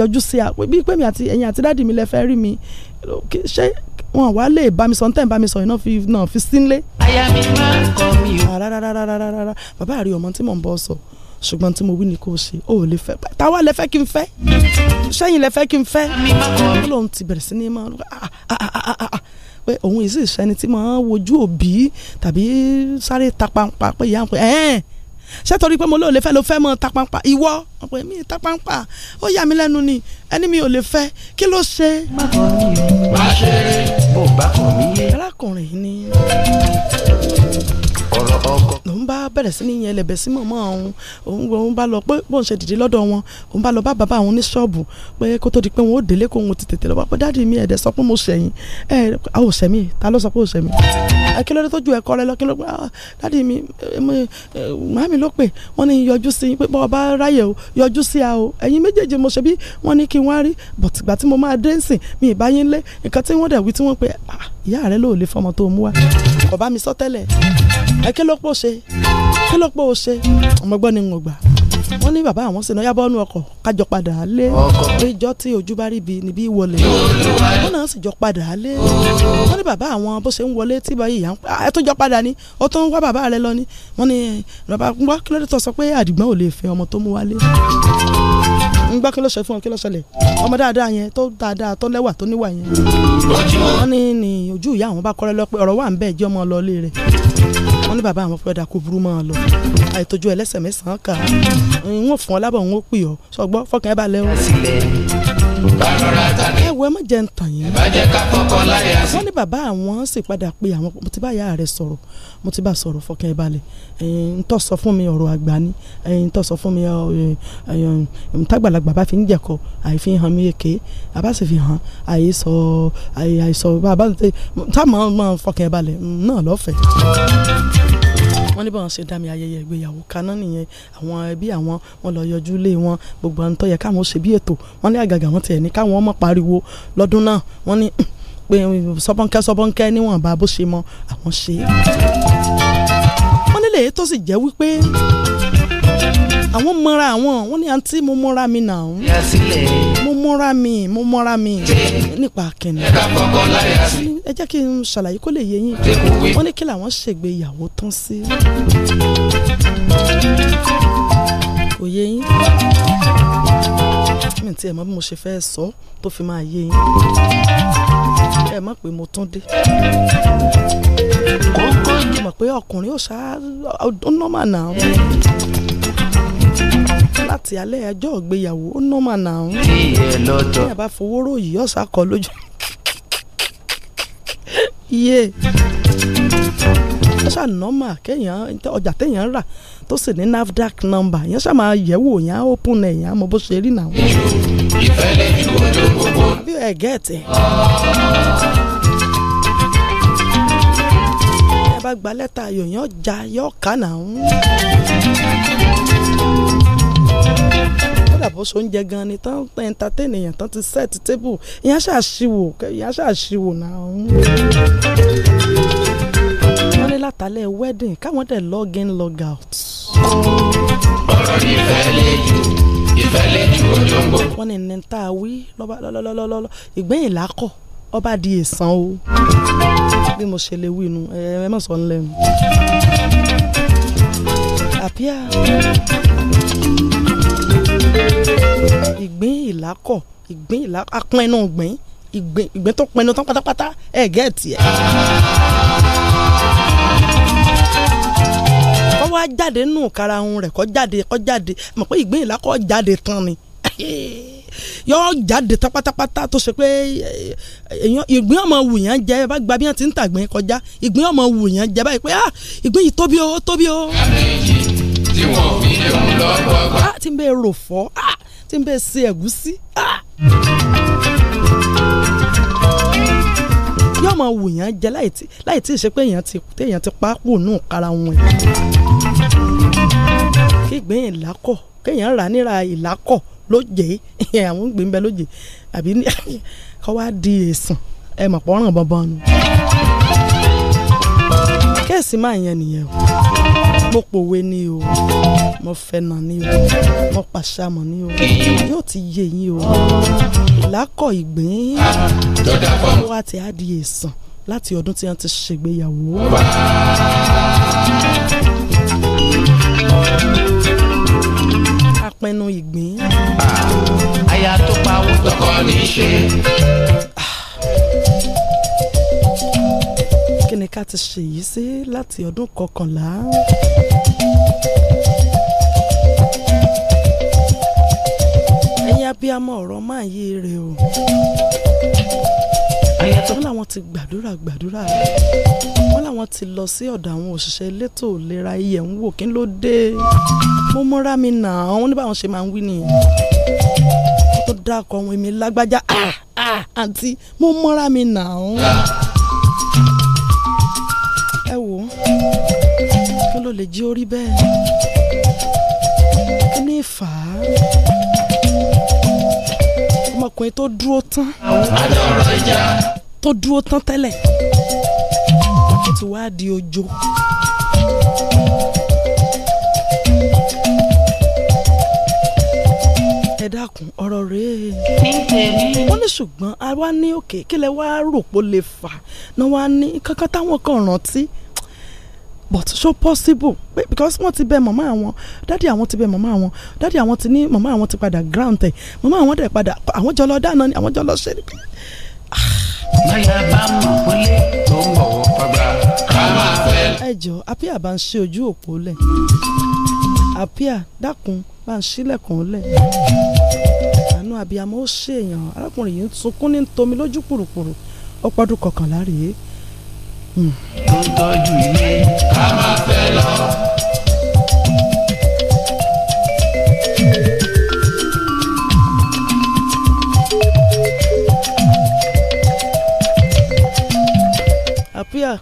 yọjú sí a bí pé mi àti ẹ̀yìn àti dáàdì mi lẹ́ fẹ́ rí mi ṣé wọn wá lè bá mi sọ nítorí bá mi sọ iná fi náà fi sí nílé. àyà mi máa ń kọ mi o. Ah, rárá rárá rárá bàbá àrí ọmọ tí mò ń bọ́ sọ. So ṣùgbọ́n tí mo wí ni kò ṣe ó lè fẹ́ táwa lè fẹ́ kí n fẹ́ sẹ́yìn lè fẹ́ kí n fẹ́ ó lóun ti bẹ̀rẹ̀ sí ní máa ah, ah, ah, pé òun yìí sì sẹ́ni tí máa wojú òbí tàbí sáré tapampa pé ìyá pé ẹ̀ẹ́n sẹ́tọ̀rí pé mo lóò lè fẹ́ ló fẹ́ mọ́ tapampa ìwọ ọ̀pọ̀ mi tapampa ó yà mí lẹ́nu ni ẹni mi ò lè fẹ́ kí ló ṣe. arákùnrin ni ọkọ. ló ń bá bẹ̀rẹ̀ sí ní yẹn lẹ̀bẹ̀ sí mọ̀mọ́ òun òun òun bá lọ pé bóun ṣe dìde lọ́dọ̀ wọn òun bá lọ bá bàbá òun ní ṣọ́ọ̀bù pé kó tó di pé wọn ò délé kó òun ti tètè lọ pé dáàdi mi ẹ̀dẹ̀ sọ pé mo ṣẹ̀yìn ẹ̀ ò ṣẹ̀mí ta ló sọ pé ò ṣẹ̀mí ẹ kí ló ẹ̀kọ́ rẹ lọ kí ló pé ah, dáàdi mi ló pè wọ́n ní yọjú sí pé bọ́ lọ́pọ̀ ṣe kí lọ́pọ̀ ṣe ọmọ gbọ́ ni ń gbà wọ́n ní bàbá àwọn sìnà yábọ́nú ọkọ̀ kájọ padà lé ìjọ tí ojú bá rí bi níbí wọlé wọ́n náà sì jọ padà lé wọ́n ní bàbá àwọn bó ṣe ń wọlé tí bá yìí ẹ tó jọ padà ni ó tó ń wá bàbá rẹ lọ ni wọ́n ní bàbá gbọ́ kí ló dé tó sọ pé àdìgbọ́n ò lè fẹ́ ọmọ tó mú wálé ń gbọ́ kí ló ṣe fún ọ kí ló ṣẹlẹ̀ ọmọ dáadáa yẹn tó dáadáa tó lẹ́wà tó níwà yẹn wọ́n ní ní ojú ìyá àwọn bá kọ́rẹ́ lọ pé ọ̀rọ̀ wà ń bẹ́ẹ̀ jẹ́ ọmọ lọ rẹ̀ wọ́n ní bàbá àwọn fẹ́ da kó burú mọ́ lọ àìtọ́jú ẹlẹ́sẹ̀ mẹ́sàn-án kà n ó fún ọ lábọ̀ n ó pè ọ sọgbọ́ fọkàn ẹ balẹ̀ o wo ẹ má jẹ́ ń tàn yín. ìbá jẹ́ ká kọ́kọ́ láyà sí. wọ́n ní bàbá àwọn sì padà pé àwọn mo ti bá ìyá rẹ̀ sọ̀rọ̀ mo ti bá sọ̀rọ̀ fọkàn ẹ̀ balẹ̀ ń tọ́ sọ fún mi ọ̀rọ̀ àgbà ni ń tọ́ sọ fún mi tágbàlagbà bá fi ń jẹ̀kọ àìfi hàn mí èké àbá sì fi hàn àìsọ àìsọ bàbá táwọn máa fọkàn ẹ̀ balẹ̀ náà lọ́fẹ̀ẹ́ wọ́n ní báwọn ṣe dá mi ayẹyẹ ìgbéyàwó kaná nìyẹn àwọn ẹbí àwọn wọn lọ yọjú lé wọn gbogbo àwọn tó yẹ káwọn ó ṣe bí ètò wọ́n ní àgàgà wọn tiẹ̀ ní káwọn ọmọ pariwo lọ́dún náà wọ́n ní *clears throat* pé sọ́bọ́nkẹ́ sọ́bọ́nkẹ́ níwọ̀nba bó ṣe mọ àwọn ṣe wọ́n nílẹ̀ èyí sì jẹ́ wípé àwọn mọ́ra àwọn wọ́n ní àǹtí mo mọ́ra mi nà ń mo mọ́ra mi mo mọ́ra mi nípa kẹ́ni ẹ jẹ́ kí n ṣàlàyé kó lè yé yín wọ́n ní kí làwọn ṣègbéyàwó tán sí kò yé yín mi ti ẹ̀ mọ̀ bí mo ṣe fẹ́ sọ tó fi máa yé yín ẹ mọ̀ pé mo tún dé mo mọ̀ pé ọkùnrin ò ṣáá ó nọ́mà náà láti alẹ́ ẹjọ́ ìgbéyàwó ó nọ́mà náà ń bí ẹ bá fowó ròyìn ọ̀sà kọ lójú iye ẹ ṣáà nọ́mà kéèyàn ọjà téèyàn rà tó sì ní NAFDAC nọ́mbà yẹn ṣáà máa yẹ̀wò yẹn á open ẹ̀ yẹn bó ṣe rí náà. àbí ẹ gẹ́ẹ̀tì. ẹ bá gba lẹ́tà ayò ọjà yọ ọ̀ka náà kódà bó so oúnjẹ gan ni tán entertain èèyàn tán ti set table ìyẹn ṣàṣìwò ìyẹn ṣàṣìwò náà wọ́n ní látàlẹ́ wedding káwọn dẹ̀ log in log out. ọ̀rọ̀ ni ìfẹ́ lè jù ìfẹ́ lè jù ọjọ́ ń bọ̀. wọ́n ní ní tá a wí lọ́lọ́lọ́lọ́lọ́ ìgbẹ́yìn làákọ̀ ọba di èsàn o bí mo ṣe lè wí nu ẹ ẹ mọ̀ sọ ń àbíà ìgbín ìlákọ̀ ìgbín ìlákọ̀ apẹ́nu ìgbín ìgbín tó pẹ́nu tán pátápátá ẹ̀ gẹ́ẹ̀tì ẹ̀. kọ́ wá jáde nù karahun rẹ̀ kọ́ jáde kọ́ jáde mọ̀ pé ìgbín ìlákọ̀ jáde tán ni *laughs* yóò jáde tán pátápátá tó ṣe pé eh, ìgbín ọmọ wù yẹn jẹ bá gba bí wọn ti ń tàgbín kọjá ìgbín ọmọ wù yẹn báyìí pé ah, ìgbín yìí tóbi o tóbi o. Ah, tí wọ́n fi jẹun lọ́gbọ̀gbà. tí n bẹ rò fọ́ tí n bẹ ṣe ẹ̀gúsí ah. yóò máa wù yàn jẹ láì tí ì ṣe pé èèyàn ti téèyàn ti pa pò nù kára wọn. kígbìn ìlákọ̀ kéèyàn rà níra ìlákọ̀ lóje àwọn gbìn bẹ lóje àbí *laughs* kọ́ wá di èsàn ẹ mọ̀ pọ́nrán bọ́bọ́n nu. kéèsì máa yẹn nìyẹn o mo pòwe ni o mo fẹ̀nà ni o mo pàṣàmọ̀ ni o yóò ti yé yín o ìlákọ̀ ìgbín wọ́n á ti á láti ọdún tí wọ́n ti ṣègbéyàwó. apinnu ìgbín. àyà tó pa owó tọkọ ní í ṣe. ni ká ti ṣèyí sí láti ọdún kọkànlá. ẹ̀yin abiyamọ ọ̀rọ̀ máa yí ire o. wọ́n làwọn ti gbàdúrà gbàdúrà wọ́n làwọn ti lọ sí ọ̀dọ̀ àwọn òṣìṣẹ́ elétò ìlera iyẹ̀ ń wò kí ló dé mo múra mi nà án wọ́n ní báwọn ṣe máa ń wí nìyẹn tó dákọ̀ ohun èmi lágbájá ah, ah, àǹtí mo múra mi nà án. ló lè jí orí bẹ́ẹ̀ kí fà á ọmọkùnrin tó dúró tán tó dúró tán tẹ́lẹ̀ ó ti wá di ojo. ẹ dákun ọ̀rọ̀ rèé wọ́n ní ṣùgbọ́n a wá ní òkè kí wá rò pó lè fà náà wá ní kankan táwọn kan rántí but so possible because wọ́n ti bẹ màmá àwọn dádì àwọn ti bẹ màmá àwọn dádì àwọn ti ní màmá àwọn ti padà ground tẹ̀ màmá àwọn dẹ̀ padà àwọn jọ lọ dáná ni àwọn jọ lọ ṣe ni. báyà bá mọ̀ pélé tó ń bọ̀ wọ́n ẹ jọ apia bá ń ṣe ojú òpó lẹ apia dákun bá ń ṣílẹ̀kùn lẹ̀ àánú abiyamọ ó ṣèyàn arákùnrin yìí ń sunkún ní tomi lójú kùrùkùrù ó pọ́dún kọkànlá rèé tó ń tọ́jú ilé ká má fẹ́ lọ. àpíà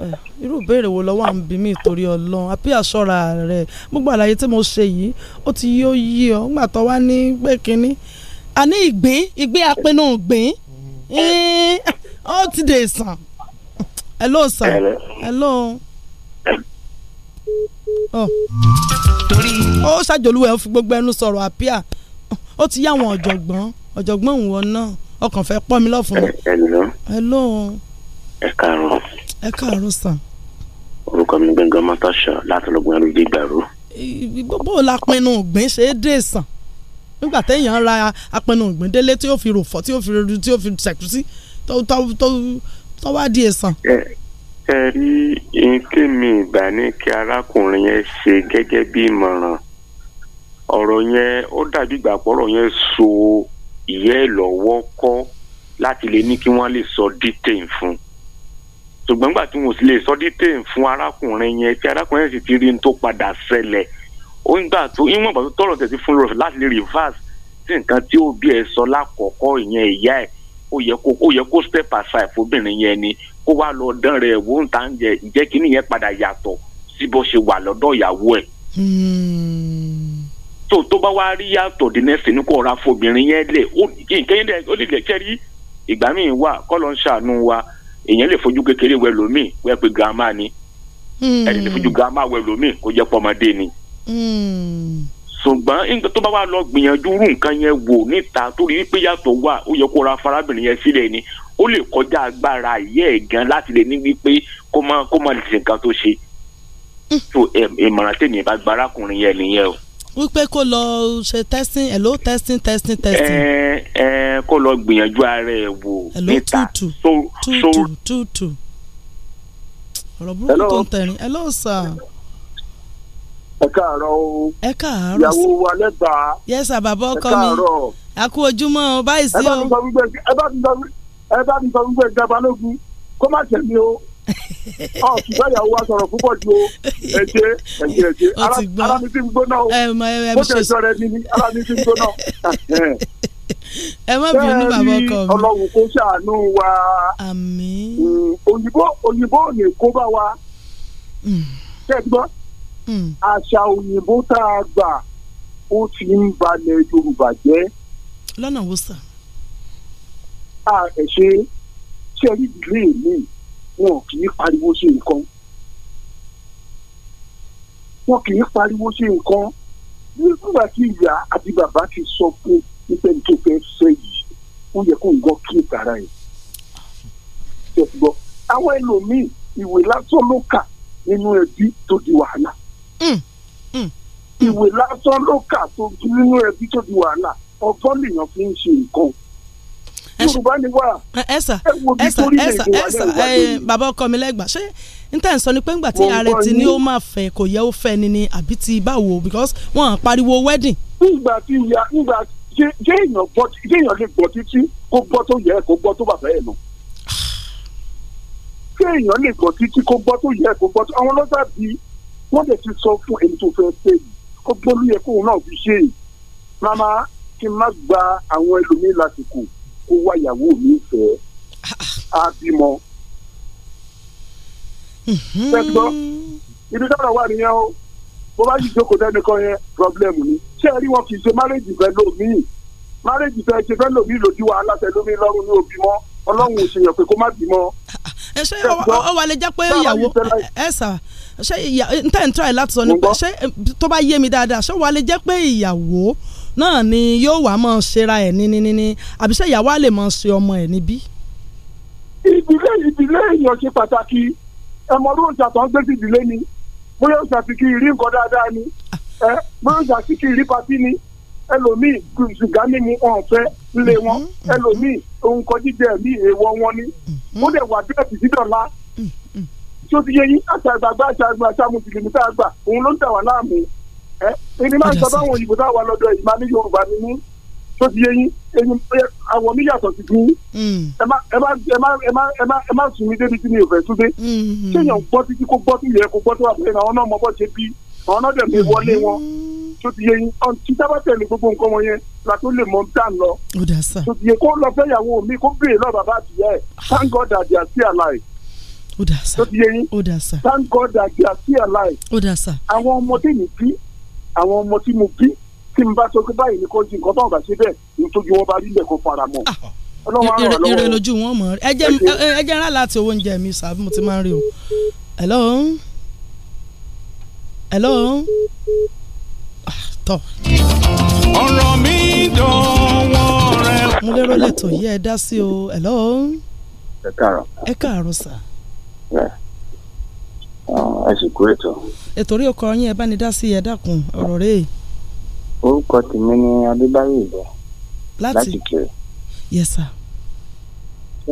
eh, irú ìbéèrè wo lọ́wọ́ à ń bi mí torí ọlọ́run àpíà sọ́ra rẹ̀ gbogbo àlàyé tí mo ṣe yìí ó ti yí ó yí ọ nígbà tó wá ní pé kínní a ní ìgbín ìgbín apinnu mm. eh, ó ti dè sàn hello sir hello. Oh. torí. ó ṣàjòlúwẹ̀ fún gbogbo ẹnu sọ̀rọ̀ àpíà ó ti yá àwọn ọ̀jọ̀gbọ́n ọ̀jọ̀gbọ́n òun náà ọkàn fẹ́ pọ́ mi lọ́fun. hello. hello. ẹ káàárọ̀. ẹ káàárọ̀ sir. orúkọ mi gbẹ̀ngàn mọ́tàṣà láti lọ́gbọ̀n ẹrú ìdí ìgbàrú. bó o la pinnu ògbìn ṣe é dé sàn nígbà téèyàn ra apinnu ògbìn délé tí ó fi rò fọ́ tí ó fi rò tí ó fi sẹ̀kú sí tó tó tó tọ́wọ́ adìẹ sàn. ẹ rí nkémi ìgbà ní kí arákùnrin yẹn ṣe gẹ́gẹ́ bí ìmọ̀ràn ọ̀rọ̀ yẹn ó dàbí ìgbà pọ̀rọ̀ yẹn so ìyẹ́ lọ́wọ́ kọ́ láti lè ní kí wọ́n lè sọ detail fún un ṣùgbọ́n gbà tí wọ́n sì lè sọ detail fún arákùnrin yẹn tí arákùnrin yẹn sì ti rí n tó padà ṣẹlẹ̀ ó ń gbà tó ìwọ̀n ìgbà tó tọrọ tẹ̀sí fún lọ́rọ̀ láti lè reverse sí nǹkan tí òbí ẹ̀ sọ lákọ̀ọ́kọ́ ìyẹn ìyá ẹ̀ ó yẹ kó ó yẹ kó step aside fóbìnrin yẹn ni kó wá lọ dán rẹ̀ wò ń tà ń jẹ ìjẹ́ kínní yẹn padà yàtọ̀ sí bó ṣe wà lọ́dọ̀ ìyàwó ẹ̀. tó hmm. tó bá wá rí yàtọ̀ di nẹ́sìn ní kò ra fóbìnrin yẹn lẹ̀ ó nǹkan yẹn ó lè lẹ̀ kẹ́rí ìgbà míì wà kọ́ ń ṣàánú wa èèyàn lè fojú kékeré wẹ lómi wẹ́ pé grandma ni hmm. ẹni lè fojú grandma wẹ lómi kó jẹ́ pọ́mọdé ni. Hmm ṣùgbọ́n nígbà tó bá wà lọ gbìyànjú irú nǹkan yẹn wò níta torí wípé yàtọ̀ wà ó yẹ kó ra farabìnrin yẹn sílẹ̀ ni ó lè kọjá agbára ìyẹ́ ẹ̀ gan láti lè ní wípé kó má kó má lè ṣe nǹkan tó ṣe. so ìmọ̀ràn tèmi bá gba arákùnrin yẹn nìyẹn o. wípé kó lọ ṣe testing hello testing testing testing. ẹ eh, ẹ eh, kó lọ gbìyànjú ara ẹ wò níta so so. ọ̀rọ̀ burúkú tó ń tẹ̀rín hello sir ẹ káàárọ̀ o. ẹ káàárọ̀ ìyàwó wa lẹ́gbàá. yẹ́sà bàbá ọkọ mi a kú ojúmọ́ o báyìí sí o. ẹ bá mi sọ ẹ bá mi sọ wípé ìjọba lógun kó má ṣe mí o. *laughs* ọ ṣùgbọ́n ìyàwó wa sọ̀rọ̀ púpọ̀ ju o ẹ̀jẹ̀ ẹ̀jẹ̀ ẹ̀jẹ̀ ara mi ti ń gbóná o bó ṣe sọ rẹ nínú ara mi ti gbóná. ẹ má bínú bàbá ọkọ mi. ọlọ́run kó ṣàánú wa. àmín. Hmm, òyìnbó òyìnbó ò ní kó bá wa. Hmm àṣà òyìnbó tá a gbà ó ti ń balẹ̀ yorùbá jẹ́. lọ́nà wo sà. a ẹ̀ ṣe ṣẹ́rí ìdílé mi wọn kì í pariwo sí nǹkan wọn kì í pariwo sí nǹkan nígbà tí ìyá àti bàbá ti sọ fún nípa ẹni tó fẹ́ fẹ́ yìí ó yẹ kó ń gbọ́ kí ìtara ẹ̀ ṣe gbọ́ àwọn ẹlòmíì ìwé lásán ló kà nínú ẹbí tó di wàhálà. Mm. Mm. Mm. ìwé lásán ló kà tó nínú ẹbí tó di wàhálà ọgbọ́n lèèyàn fi ń ṣe nǹkan yorùbá ni wà. ẹ sà ẹ sà ẹ sà ẹ sà ẹ bàbá ọkọ mi lẹ́gbàá ṣé níta ń sọ ni pé ńgbà tí ààrẹ ti ní ó máa fẹ́ kò yẹ ó fẹ́ ni ni àbí ti báwo because wọ́n á pariwo wedding. nígbà tí ìyá nígbà jẹ èèyàn gbọ́ jẹ èèyàn lè gbọ́ títí kó gbọ́ tó yẹ kó gbọ́ tó bàbá ẹ̀ lọ. Ah. jẹ èèyàn lè gbọ́ títí kó gbọ́ tó yẹ kó gbọ́ tó àwọn lọ́sàbí wọ́n dẹ̀ ti sọ fún ẹni tó fẹ́ ṣe yìí ó gbọ́dọ̀ yẹ kóun náà fi ṣe yìí màmá kí n má gba àwọn ẹlòmíín lásìkò kó wá ìyàwó mi fẹ́ á bímọ. ṣẹ́gbọ́ mhm. ibi dára wà nìyẹn o bó bá yìí jókòó dẹ́nìkan yẹn pọ́blẹ́mù ni ṣé ẹ rí wọn kì í ṣe márèjì fẹ́ lómii márèjì fẹ́ ṣe fẹ́ lómii lòdì wàhálà fẹ́ lómii lọ́rùn ní òbí mọ́ ọlọ́run ò ṣèyàn pé kó má bímọ Eh, ẹ ṣe ọ wà lè jẹ́ pé ìyàwó ẹ eh, eh, sà ṣe ntẹ́ ń try láti sọ ni pé ṣe tó bá yé mi dáadáa ṣé wà lè jẹ́ pé ìyàwó náà ni yóò wá máa ṣera ẹ̀ ní ní ní àbí ṣe ìyàwó á lè máa ṣe ọmọ ẹ̀ níbí. ìdílé ìdílé èèyàn ṣe pàtàkì ẹmọ ọdún ìjà tó ń gbé ìdílé ni bóyá ìjà sì kì í rí nǹkan dáadáa ni ah. bóyá ìjà sì kì í rí patí ni ẹlòmíì ṣùgá mímu ọ̀fẹ́ lé wọn mm-hmm. Mm-hmm. ẹlòmíì òun kọ jíjẹ ní èèwọ̀ wọn ni mm-hmm. ó dẹ̀ wà dírẹ̀tì sídọ̀la tí ó ti yẹ yín àṣà ìgbàgbọ́ àṣà ìgbà àṣà a gbà òun ló ń dà wá láàmú ẹ ẹni máa ń sọ báwọn òyìnbó tá a wà lọ́dọ̀ ìgbà ní Yorùbá ni mí tó ti yé yín ẹyin àwọn mi yàtọ̀ sí fún mm. ẹ má ẹ má ẹ má ẹ má ẹ má ẹ má sùn mí débi tí mi ò fẹ́ tún dé ṣéyàn gbọ́ títí kó gbọ́ tún yẹ kó gbọ́ tó wà pé àwọn náà mọ bọ́ ṣe bí àwọn náà dẹ̀ mi wọlé wọn tó ti yẹ yín ọ̀ntí tá tẹ̀lé gbogbo nǹkan wọn yẹn la tó lè mọ tá lọ. ó dà sá. tó ti yẹ kó lọ fẹ́yàwó mi kó béèrè lọ bàbá àtìyá ẹ̀ thank God that they are still alive. ó dà sá. tó ti yẹ yín ó dà sá. thank God that they are still alive. ó dà sá. àwọn ọmọ tí mi bí àwọn ọmọ tí mo bí tí n bá sọ pé báyìí ni kò di nǹkan tó bá ṣe bẹ́ẹ̀ nítorí wọn bá rí ilẹ̀ kan fara mọ́ ìrè ah, lójú wọn mọ ẹ jẹ rán láti owó oúnjẹ mi sàbí mo ti máa ń rí o hello hello tọ̀. ọ̀rọ̀ mi dọ̀wọ́ rẹ. mo lérò lẹ́tọ̀ yí ẹ dá sí o hello. ẹ káàárọ̀. ẹ káàárọ̀ sà. ẹ sì kú ètò. ètò orí ọkọ yín ẹ bá ní dá sí ẹ dákun ọ̀rọ̀ rẹ̀. orúkọ tèmi ni adébáyò ìbọn láti kiri. yes sir.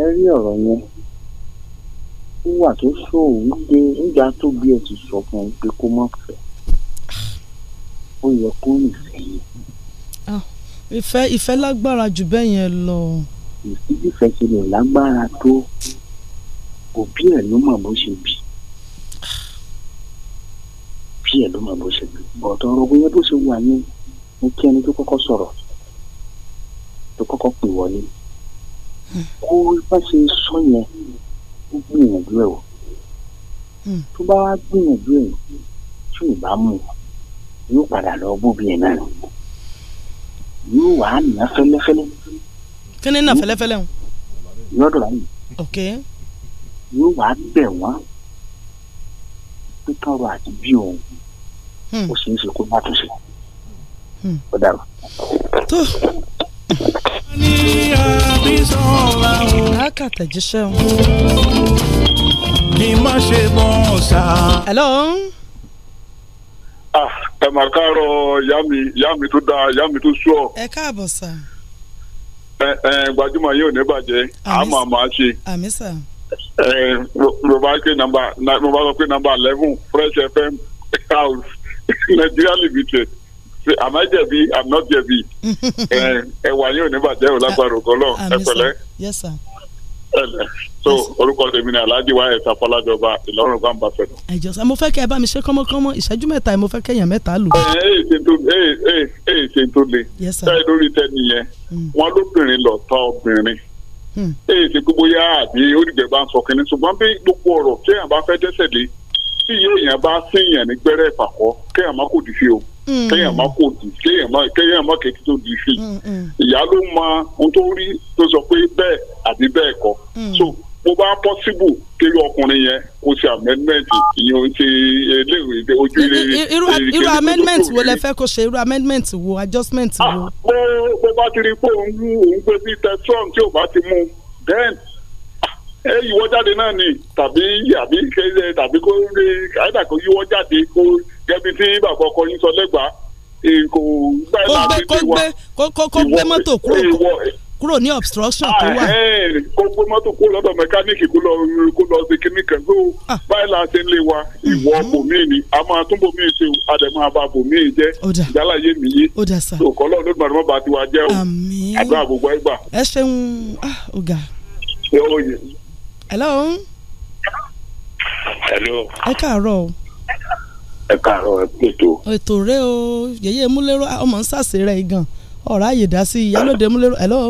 ẹ rí ọ̀rọ̀ yẹn ó wà tó sọ òun pé nígbà tó bí ẹ ti sọ fún un pé kó má fẹ́ ó yẹ kó ìfẹ́ yẹn. Ah, ìfẹ́ ìfẹ́ lágbára jù bẹ́ẹ̀ yẹn lọ. ìfẹ́ ti lè lágbára tó òbí ẹ̀ ló mọ̀ bó ṣe bí bí ẹ̀ ló mọ̀ bó ṣe bí bọ̀dọ̀ ọ̀rọ̀ bóyá bó ṣe wà yẹn mo kí ẹni tó kọ́kọ́ sọ̀rọ̀ tó kọ́kọ́ pè wọlé kó bá ṣe sọ yẹn ó gbìyànjú ẹ̀ o hmm. tó bá wá gbìyànjú ẹ̀ tí ò bá mú un yóò padà lọ bóbi ẹ̀ náà yóò wà á nà fẹ́lẹ́fẹ́lẹ́. kí nà fẹ́lẹ́fẹ́lẹ́ o. lọ́dọ̀ la yìí. ok. yóò wà á bẹ̀ wọ́n pé tọrọ àti bí òun hmm. ó sì ń ṣe kó má tún ṣe. Hmm. ó dàrú. tó ní àbísọ̀ra o. lákàtàjíṣẹ́ o. kí n má ṣe bọ́ ọ̀sà. hello. Ah, ẹ mà káàárọ̀ ìyá mi tó dáa ìyá tó sùọ́. ẹ káàbọ̀ sà. ẹ ẹ gbajúmọ̀ yóò ní bàjẹ́ àmọ́ àmọ́ á ṣe. àmì sà. ẹ mo bá pé nàmbà mo bá sọ pé nàmbà eleven fresh fm house *laughs* nigeria limited àmọ́ jẹ̀bi i'm jẹ̀bi *laughs* ẹ wà yóò ní bàjẹ́ ò lágbára ògbọ́n ẹ pẹ̀lẹ́. yes sir so orúkọ tèmi ni alhaji wáyé safọlájọba ìlọrin kan bá fẹnu. ẹjọ sá mo fẹ́ kẹ́ ẹ bá mi ṣe kọ́mọ́kọ́mọ́ ìṣẹ́jú mẹ́ta mo fẹ́ kẹ́yàn mẹ́ta lò. ẹ ẹ ṣe tó ẹ ẹ ẹ ṣe tó le. táyì lórí tẹni yẹn hmm. wọn lóbìnrin lọ tọ obìnrin. Hmm. ẹ ṣe gbogbo yá àbí onígbẹ̀ bá ń sọ kínní ṣùgbọ́n bí gbogbo ọ̀rọ̀ kéèyàn bá fẹ́ dẹ́sẹ̀ lé tí yóò yẹn bá síyàn ní gbẹ́rẹ́ ìpàkọ́ kéèyàn má kò dì sí o. Mm. kéèyàn má kò dì kéèyàn má kéèyàn má kéèkì tó di fi mm, mm. ìyá ló mọ ohun tó rí tó sọ pé bẹ́ẹ̀ àbí bẹ́ẹ̀ kọ́ so mo bá possible kéèyàn ọkùnrin yẹn kó ṣe amendment ìyẹn ti eléwé ojú rere. irú amendment wo lẹ fẹ́ kó ṣe irú amendment wo adjustment ah, wo. pé bó bá ti rí pé òun òun gbé sí tẹsán tí ò bá ti mú then ah, ẹ yíwọ́ náà ni tàbí àbí tàbí kó rí àìdàkọ yíwọ́ jáde kó gẹ́bí tí bàbá ọkọ yín sọ lẹ́gbàá kò gbà láti fi wá kó gbé mọ́tò kúrò ní obstruction tó ah, wà. kó gbé mọ́tò kúrò lọ́dọ̀ mẹkáníìkì kó lọ kó lọ sí kinní kan tó ah. báyìí láti ń lé wa ìwọ mm-hmm. bòmíì ni a máa tún bòmíì ṣe àdẹ̀mọ́ àbá bòmíì jẹ́ ìjálá yé mi yé tó kọ́ lọ́dún gbàdúrà bá tiwa jẹ́ o àgbà àgbògbà ẹgbà. ẹ ṣeun ọgá. Ah, hello. hello. ẹ káàárọ̀ o ẹ káàárọ̀ ẹ pètò. ètò rẹ o yẹyẹ múlẹ́rọ ọmọ ń sàṣe rẹ gan ọ̀rọ̀ àyè dá sí ìyálòde múlẹ́rọ hello.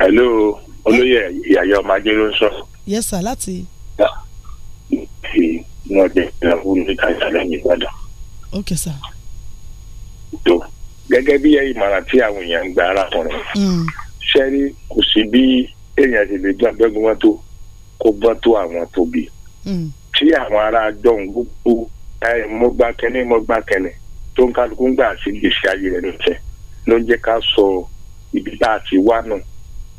hello olóyè ìyàyẹ ọmọ ajé ló ń sọ. yes sir láti. fi ní ọdẹ ìdààmú ní ìtajà lẹ́yìn ìbàdàn. ok sir. tó gẹ́gẹ́ bí ìmọ̀ràn tí àwọn èèyàn ń gba arákùnrin hmm. ṣẹ́rí kò sí bí èèyàn ti lè gbọ́ abẹ́gun wọn tó kó bọ́ tó àwọn tóbi hmm. tí àwọn ará jọ̀hún gbogbo mo gba kẹne mo gba kẹne tó ń kálukú ń gbà sí gbèsè ayé rẹ̀ nìfẹ́ ló ń jẹ́ ká sọ ibi tá a ti wá náà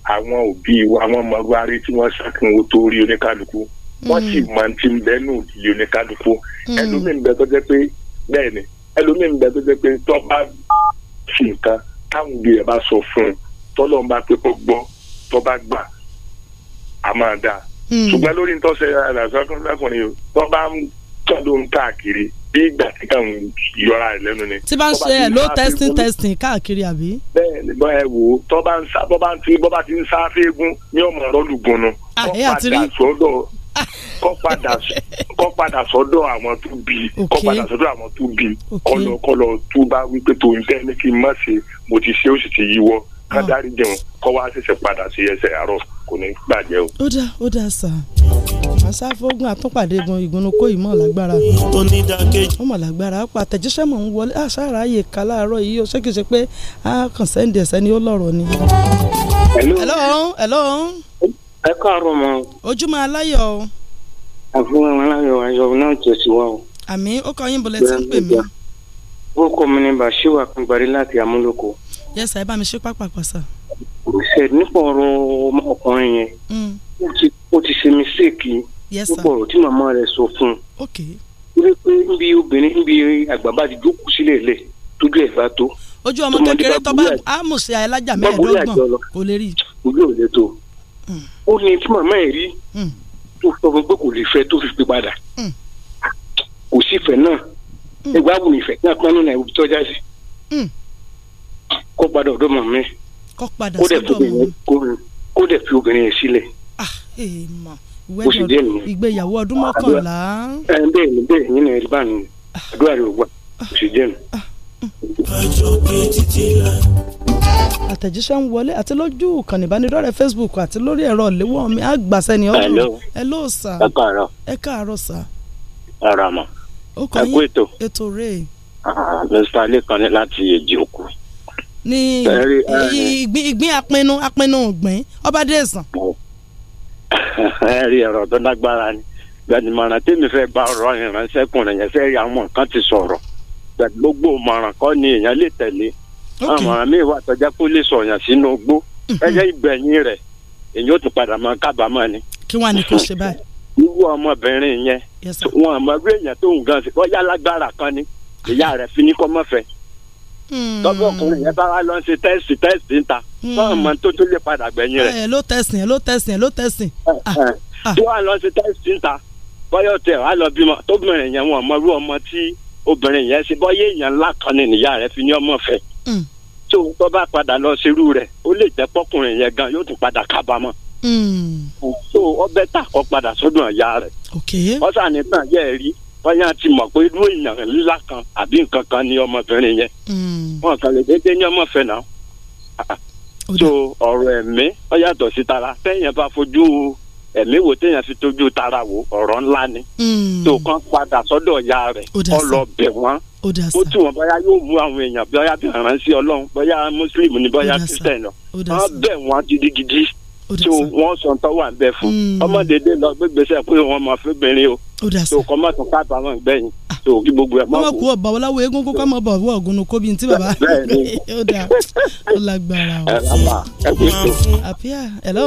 àwọn òbí wa àwọn ọmọ wa rí tí wọ́n ṣàkínwó tó rí oníkálukú wọ́n sì mọ mm. ti ń bẹ́ẹ̀ nù ìdílé oníkálukú mm. ẹlòmíín bẹ tó jẹ́ pé bẹ́ẹ̀ ni ẹlòmíín bẹ tó jẹ́ pé tó bá sì nǹkan táwọn òbí rẹ̀ bá sọ fún un tọ́lọ́ ń bá pé kó gbọ́ tó bá gbà á máa dáa mm. ṣùgbọ́n lórí ń tọ́sẹ̀ àdàsọ́kùnrin tó bá ń kàn ló ń káàkiri bí ìgbà tí kàn ń yọra rẹ̀ lẹ́nu ni. tí bá ń ṣe ẹ ló testing testing káàkiri àbí. bẹ́ẹ̀ni bọ́ ẹ wò ó tọ́ bá ń sá bọ́ bá ń ti bọ́ bá ti ń sá fẹ́ẹ́gún ní ọmọ ọ̀rọ̀ lùgbọ̀n nu. Ah, àyè àtìrí *laughs* kọ́ padà sọ́dọ̀ àwọn tó bí kọ́ padà sọ́dọ̀ àwọn tó bí kọ́lọ́kọ́lọ́ tó bá wípé tó ń tẹ́ ní kí n má ṣe mo ti ṣe ó sì ti yíwọ́ ká jẹun kọ́ wá ṣẹ̀ṣẹ̀ padà sí ẹsẹ̀ àárọ̀ kò ní bàjẹ́ o. ó dá ó dá sà àṣàfọ́gùn àtúnpàdé gan ìgbónú kó ìmọ̀ lágbára. ó mọ̀ lágbára apá àtẹ̀jíṣẹ́ mọ̀ ń wọlé àṣàrà ààyè ká láàárọ̀ yìí ó ṣé pé a kàn sẹ́ndì ẹ̀sẹ̀ ni ó lọ́rọ̀ ni. hello hello. ẹ káàárọ̀ mọ́. ojúmọ́ aláyọ̀ àfihàn aláyọ̀ ayọ̀ náà tẹ̀sí wa o. àmì ó kọ yín bọ̀lẹ́ ń pè mí. ó kọ́ mi ní bàṣíwà kan gbarí láti amúlòkọ yes sir ẹ bá mi ṣe pápákọ̀ sir. ṣe nípa ọ̀rọ̀ ọkùnrin yẹn mm. ó ti ṣe mistake nípa ọ̀rọ̀ tí màmá rẹ̀ sọ fún un wípé pé níbi obìnrin níbi àgbàbá ti jókòó sílẹ̀ lẹ̀ tójú ẹ̀ bá tó. ojú ọmọ kékeré tó bá àmùsẹ̀ alájà mẹ́ẹ̀ẹ́dọ́gbọ̀n kò lè rí. ojú ò lè tó mm. ó ní tí màmá ẹ̀ rí mm. tó sọ fún pé kò lè fẹ́ tó fi pé padà kò sí ìfẹ́ náà ẹgbẹ́ àbùnìfẹ́ náà pọ́nú náà ìbí kó padà ọ̀dọ̀ mọ̀ mi kó dẹ̀ fi obìnrin kó dẹ̀ fi obìnrin yẹn sílẹ̀. ó sì dé nìyẹn ìgbéyàwó ọdún mọ́kànlá. ẹ eh, bẹ́ẹ̀ ni bẹ́ẹ̀ yín ni ẹ bá mi ah. àdúrà rẹ̀ wà ó sì dé nù. àtẹ̀jíṣẹ́ ń wọlé àti lójú ìkànnì ìbánidọ́rẹ̀ẹ́ Facebook àti lórí ẹ̀rọ ìléwọ́ mi àgbàsẹ́ ni ọdún ẹ ló sà ẹ káàárọ̀ sà. ara mọ̀ ẹ kú ètò ètò rèé. Ah, mr lẹ́kan láti èjì òkú ní ìgbín apinnu apinnu ọ̀gbìn ọba dẹ̀sán. *laughs* ẹ rí ọ̀rọ̀ tó lágbára ni gbẹ̀dìmọ̀ràn tèmi fẹ́ bá ọ̀rọ̀ ìránṣẹ́kùnrin yẹn fẹ́ rí àwọn nǹkan ti sọ̀rọ̀ gbogbo ìmọ̀ràn kọ́ ni èèyàn lè tẹ̀lé àmọ̀ràn mi wà tọ́já kó lè sọ̀yàn sínú ogbó ẹ̀yẹ mm-hmm. ìgbẹ̀yìn rẹ̀ èyí ó ti padà máa kábàámọ̀ ni. kí wàá ní kó ṣe báyìí. *laughs* irú ọmọbìnrin yẹn wọn àmọ́ irú èèyàn tó ń gan sí ọyá lágbára kan ni ah. ìyá rẹ̀ fi ní kọ́ mọ́fẹ́ Hmm. tọ́gbọ́kùnrin yẹn bá lọ ṣe tẹ́sì tẹ́sì ń ta hmm. fọ́ọ̀mù mọ́ tó tó lè padà gbẹ̀yìn rẹ̀. Eh, ló tẹ̀sìn ló tẹ̀sìn ló tẹ̀sìn. Eh, eh. ah, ah. tí wàá lọ ṣe tẹ́sì ń ta bọ́yọ̀ tẹ̀ wá lọ bímọ tó bìnrin yẹn wọn mọ̀rú ọmọ tí obìnrin yẹn ṣe bọ́yẹ̀ èèyàn ńlá kan ní ìyá rẹ̀ fi ní ọmọ fẹ́. Hmm. tó tó bá padà lọ ṣerú rẹ̀ ó lè jẹ́ pọ́kùnrin yẹn gan yóò tún padà kábàámọ̀. tó ọbẹ̀ tà kọ́ padà sọ́dún ọ̀yá wáyà ti mọ̀ pé irú èèyàn ńlá kan àbí nǹkan kan ni ọmọbìnrin yẹn wọn kàn lè dédé ní ọmọ náà so ọ̀rọ̀ ẹ̀mí ó yàtọ̀ sí tara téèyàn bá fojú ẹ̀mí wo téèyàn fi tójú tara wo ọ̀rọ̀ ńlá ni tó hmm. kàn padà sọ́dọ̀ ìyá rẹ̀ kó lọ bẹ̀ wọ́n ó tún wọn bóyá yóò mú àwọn èèyàn bóyá bí ìránṣẹ́ ọlọ́run bóyá mùsùlùmí ni bóyá kristian lọ wọ́n bẹ̀ wọ́n gidigidi tó wọ́n sọ̀tọ̀ wà ń fún hmm. ọmọdédé lọ gbégbèsè pé wọ́n máa fẹ́ bẹ̀rẹ̀ o ó dà sí. tó kọ́ mọ̀ ká àbámọ̀ gbẹ̀yìn tó kí gbogbo ẹ̀ mọ̀ kú. mọ̀ kú ọ̀bà ọ̀làwọ̀ eégún kó ká mọ̀ bọ̀ wọ̀ ọ̀gùn kóbi ntí bàbá *laughs* *laughs* ó dà ó lágbára o. àpíà hello.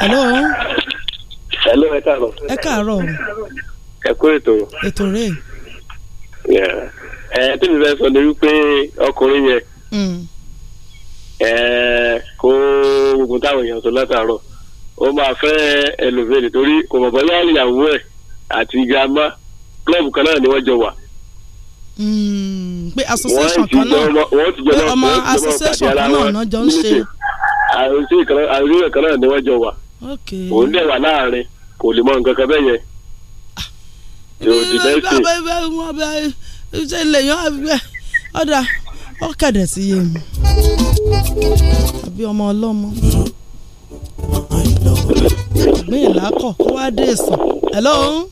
hello. hello ẹ káàárọ̀. ẹ káàárọ̀. ẹ kú ètò. ètò rẹ̀. ẹ tí mi sọ ni wípé ọkùnrin yẹn hmm. kó gbogbo táwọn èèyàn sọ látàárọ̀ ó máa fẹ́ ẹlòmíì nítorí kò mọ̀ bọ́yá ìyàwó ẹ̀ àti grandma club kan náà ni wọ́n jọ wà. Hmm, pé association kan náà pé ọmọ association kan náà náà jọ ń ṣe. àròsí àròsí kan náà ni wọ́n jọ wà. òun dẹ̀ wà láàrin kò lè mọ nǹkan kan bẹ́ẹ̀ yẹn. Ah. ṣe lèyàn àgbẹ̀ ọ̀dà ọ̀kadà sí yẹn àbí ọmọ ọlọ́mọ ìgbín ìlákọ̀ kó wá dé ìsàn. hello.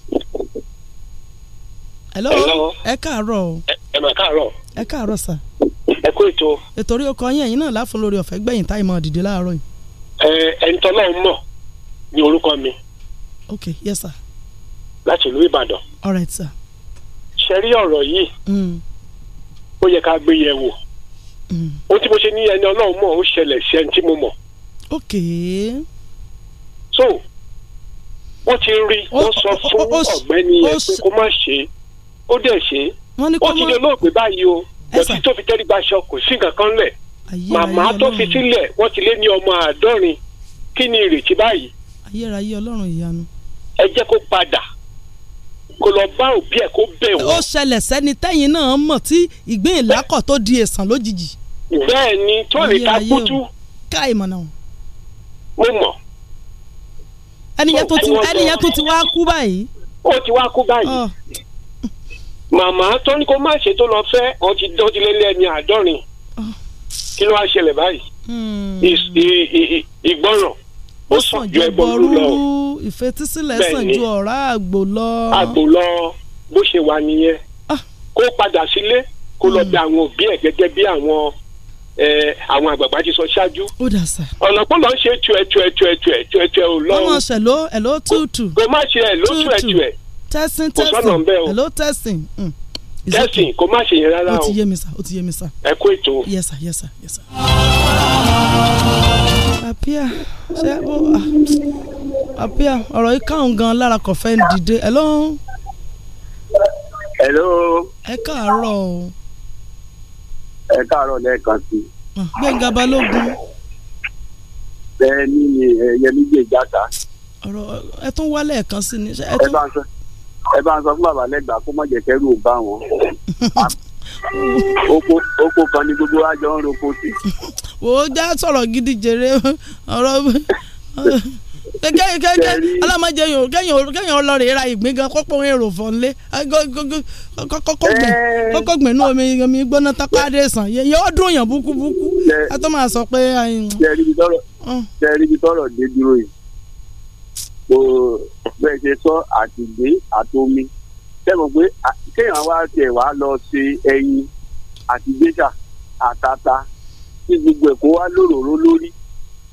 hello. ẹ káàárọ̀ o. ẹ mà káàárọ̀. ẹ káàárọ̀ sà. ẹ kú ètò. ètò orí ọkọ yín ẹ̀yin náà láfọ lórí ọ̀fẹ́ gbẹ̀yìn táì mọ́ dìde láàárọ̀ yìí. ẹ ẹni tọ́ náà ń mọ̀ ní orúkọ mi. ok yes sir. láti ìlú Ìbàdàn. all right sir. ṣe rí ọ̀rọ̀ yìí. Mm. ó yẹ ká gbé yẹ̀ wò mm. ohun tí mo ṣe ní ẹni ọlọ́run mọ̀ ó ṣẹlẹ̀ sí ẹni tí mo mọ̀. ok so wọ́n ti rí wọ́n sọ fún ọ̀gbẹ́ni yẹn pé kó má ṣe ó dẹ̀ ṣe ó ti dé lóògbé báyìí o ọtí tó fi tẹ́rí gbaṣọ kò sí nǹkan kan lẹ̀ màmá tó fi sílẹ̀ wọ́n ti lé ní ọmọ àádọ́rin kí ni ìrètí báyìí. ayérayé ọlọ́run ìyanu. ẹ jẹ́ kó padà kó lọ bá òbí ẹ̀ kó bẹ̀ wọ́n. ó ṣẹlẹ̀ sẹ́ni tẹ́yìn náà mọ̀ tí ìgbín ìlákọ̀ tó di èsàn lójijì. bẹ́ẹ̀ ni tó lè ta kútú. ká ìmọ̀ náà. mo mọ̀ ẹnìyẹn tó ti ẹnìyẹn tó ti wá kú báyìí. ó ti wá kú báyìí. Ah. màmá tó ní kó má ṣe tó lọ fẹ́ ọ ti lé lé ẹni àádọ́rin ah. kí ló wá ṣẹlẹ̀ báyìí. Hmm. ìgbọràn ó sàn ju ẹgbọrú lọ. ìfetísílẹ̀ sàn ju ọ̀rá àgbò lọ. àgbò lọ bó ṣe wà nìyẹn ah. kó padà sílé kó lọ hmm. bẹ àwọn òbí ẹ̀ gẹ́gẹ́ bí àwọn àwọn àgbààgbà ti sọ ṣáájú. ó dà sá. ọ̀nà pọ̀ lọ ń ṣe tuẹ̀ tuẹ̀ tuẹ̀ tuẹ̀ tuẹ̀ tuẹ̀ ò lọ. ọmọ ṣe ló ẹ̀ ló kò má ṣe ẹ̀ tuẹ̀ tuẹ̀. tẹ́sìn tẹ́sìn ẹ̀ tẹ́sìn. Mm. tẹ́sìn kò má ṣe yẹn rárá o. ó ti yé mi sá ó ti yé mi sá. ẹ kó ètò. yes sir yes sir yes ó àpíà ah, ọ̀rọ̀ yìí káwọn gan lára kọ̀fẹ́ ń dìde ẹ̀ ló. ẹ̀ ló. ẹ káàárọ̀ o ẹ káàárọ̀ lẹ́ẹ̀kan sí. Ah, gbẹ̀ngà balógun. bẹ́ẹ̀ ni yẹmi gbé játa. ọ̀rọ̀ ẹ tún wá lẹ́ẹ̀kan sí ni. ẹ bá ń sọ ẹ bá ń sọ fún bàbá lẹ́gbàá kó má jẹ́ kẹ́rù ò bá wọn. *laughs* oko oko kan ni gbogbo àjọ ń roko sí. wò ó já sọ̀rọ̀ gidi jèrè ọ̀rọ̀ alamajẹ yòó kẹyìn kẹyìn ọlọrin ra ìgbín gan kọpọ èrò fọnlé kọkọ gbìn omi omi gbóná tọkọ adéṣàn yóò dùn yàn búkúbúkú a máa sọ pé. tẹ́ẹ̀rí mm. ibi dé dúró yìí kò bẹ́ẹ̀ ṣe sọ àtìgbé àtomi sẹ́gun pé kéèyàn wá tiẹ̀ wá lọ ṣe ẹyin àti àtàtà tí gbogbo ẹ̀ kó lóròró lórí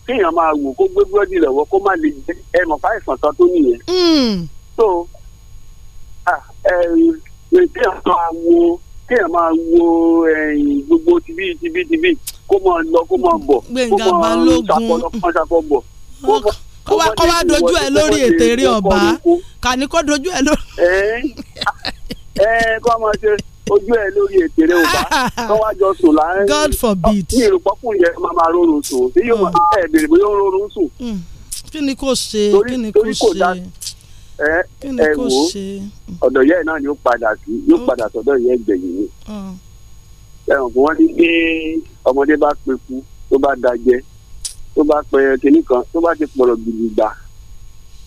kéèyàn máa wò kó gbé búrẹ́dì lọ́wọ́ kó má lè jẹ ẹmọ̀ fáìsàn kan tó nìyẹn. Hmm. so kéèyàn máa wo kéèyàn máa wo gbogbo tibí tibí tibí kó máa lọ kó máa bọ̀ kó máa ṣàpọ̀lọ́ kó máa ṣàpọ̀bọ̀ kó wá kó wá dojú ẹ lórí ètè eré ọba kàní kó dojú ẹ lórí. ẹ ẹ kó máa ṣe ojú ẹ lórí ètè ò bá *laughs* kọ́ jọ sùn láàrin God forbid ní ìrùpọ́kùn yẹn máa máa rọrùn sùn tí yóò máa hmm. ẹ̀ bèrè bóyá ó rọrùn sùn. Hmm. kí ni kò ṣe kí ni kò ṣe kí ni kò ṣe. ọ̀dọ̀ yẹn náà ni ó padà sí yóò hmm. padà sọ̀dọ̀ yẹn gbẹ̀yìn ni. ẹ̀wọ̀n kí wọ́n ní pé ọmọdé bá peku tó bá dajẹ́ tó bá pẹ kinní kan tó bá ti pọ̀rọ̀ gidigba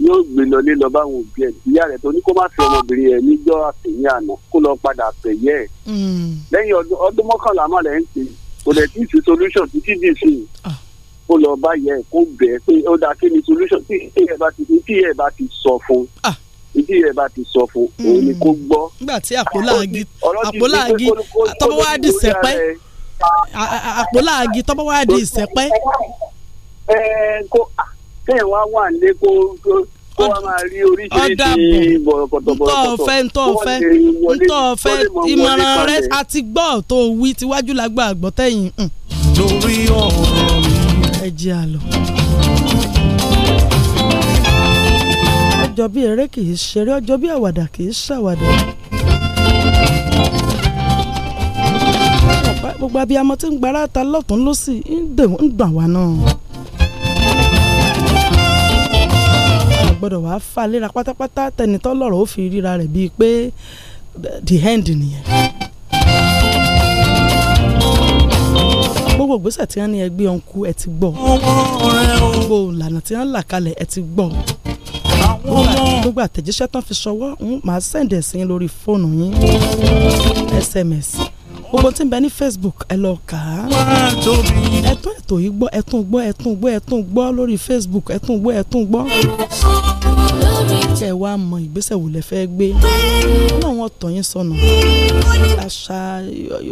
yóò gbé lọlé lọ báwọn òbí ẹ ìyá rẹ tó ní kó má fi ọmọbìnrin ẹ níjọ àtẹyìn àná kó lọ padà àtẹyẹ ẹ hmm. lẹ́yìn ọdún mọ́kànlá má lẹ ń pè kò dẹ tí ì sí solution títí dì sí i kó lọ bá yẹ kó bẹ pé ó dáa kí ni solution tí ìyá ẹ bá ti tí ìyá ẹ bá ti sọ fún ah. ìdí ẹ bá ti sọ fún òun ni kó hmm. gbọ́. nígbà tí àpòláàgì àpòláàgì tọ́bọ̀ wá di sẹ́pẹ́ àpòláàgì tọ́bọ̀ wá di ẹ ẹ kó kéèyàn wá wà nílé kó kó wá máa rí oríṣiríṣi bọ̀rọ̀kọ̀tọ̀ bọ̀rọ̀kọ̀tọ̀ ntọ́ ọ̀fẹ́ ntọ́ ọ̀fẹ́ ntọ́ ọ̀fẹ́ ìmọ̀ràn rẹ àti gbọ́ tó wí tiwájú lágbà àgbọ̀tẹ́yìn. torí mm. ọ̀rọ̀ mi. ẹ jẹ́ àlọ́. ọjọ́ bí eré kì í ṣeré ọjọ́ bí àwàdà kì í ṣàwàdà. gbogbo abiyamọ tí ń gbára ta lọ́tún lọ́sì ń dùn wá náà. gbọ́dọ̀ wá fà léra pátápátá tẹnitọ́ lọ́rọ̀ ó fi ríra rẹ̀ bíi pé the end nìyẹn. gbogbo ìgbésẹ̀ tí wọ́n ní ẹgbẹ́ ọ̀nkú ẹ ti gbọ́ gbogbo ìlànà tí wọ́n là kalẹ̀ ẹ ti gbọ́ gbogbo àtẹ̀jíṣẹ́ tán fi ṣọwọ́ máa sẹ́ǹdẹ̀ sí lórí fóònù yín sms gbogbo tí ń bẹ ní Facebook ẹ lọ kà á ẹ tún ètò yìí gbọ́ ẹ tún gbọ́ ẹ gbọ́ ẹ gbọ́ lórí Facebook ẹ tún gbọ́ ẹ tún gbọ́ kẹ wá mọ ìgbésẹ̀ wò lẹ fẹ́ gbé láwọn ọ̀tọ̀ yín sọnù àṣà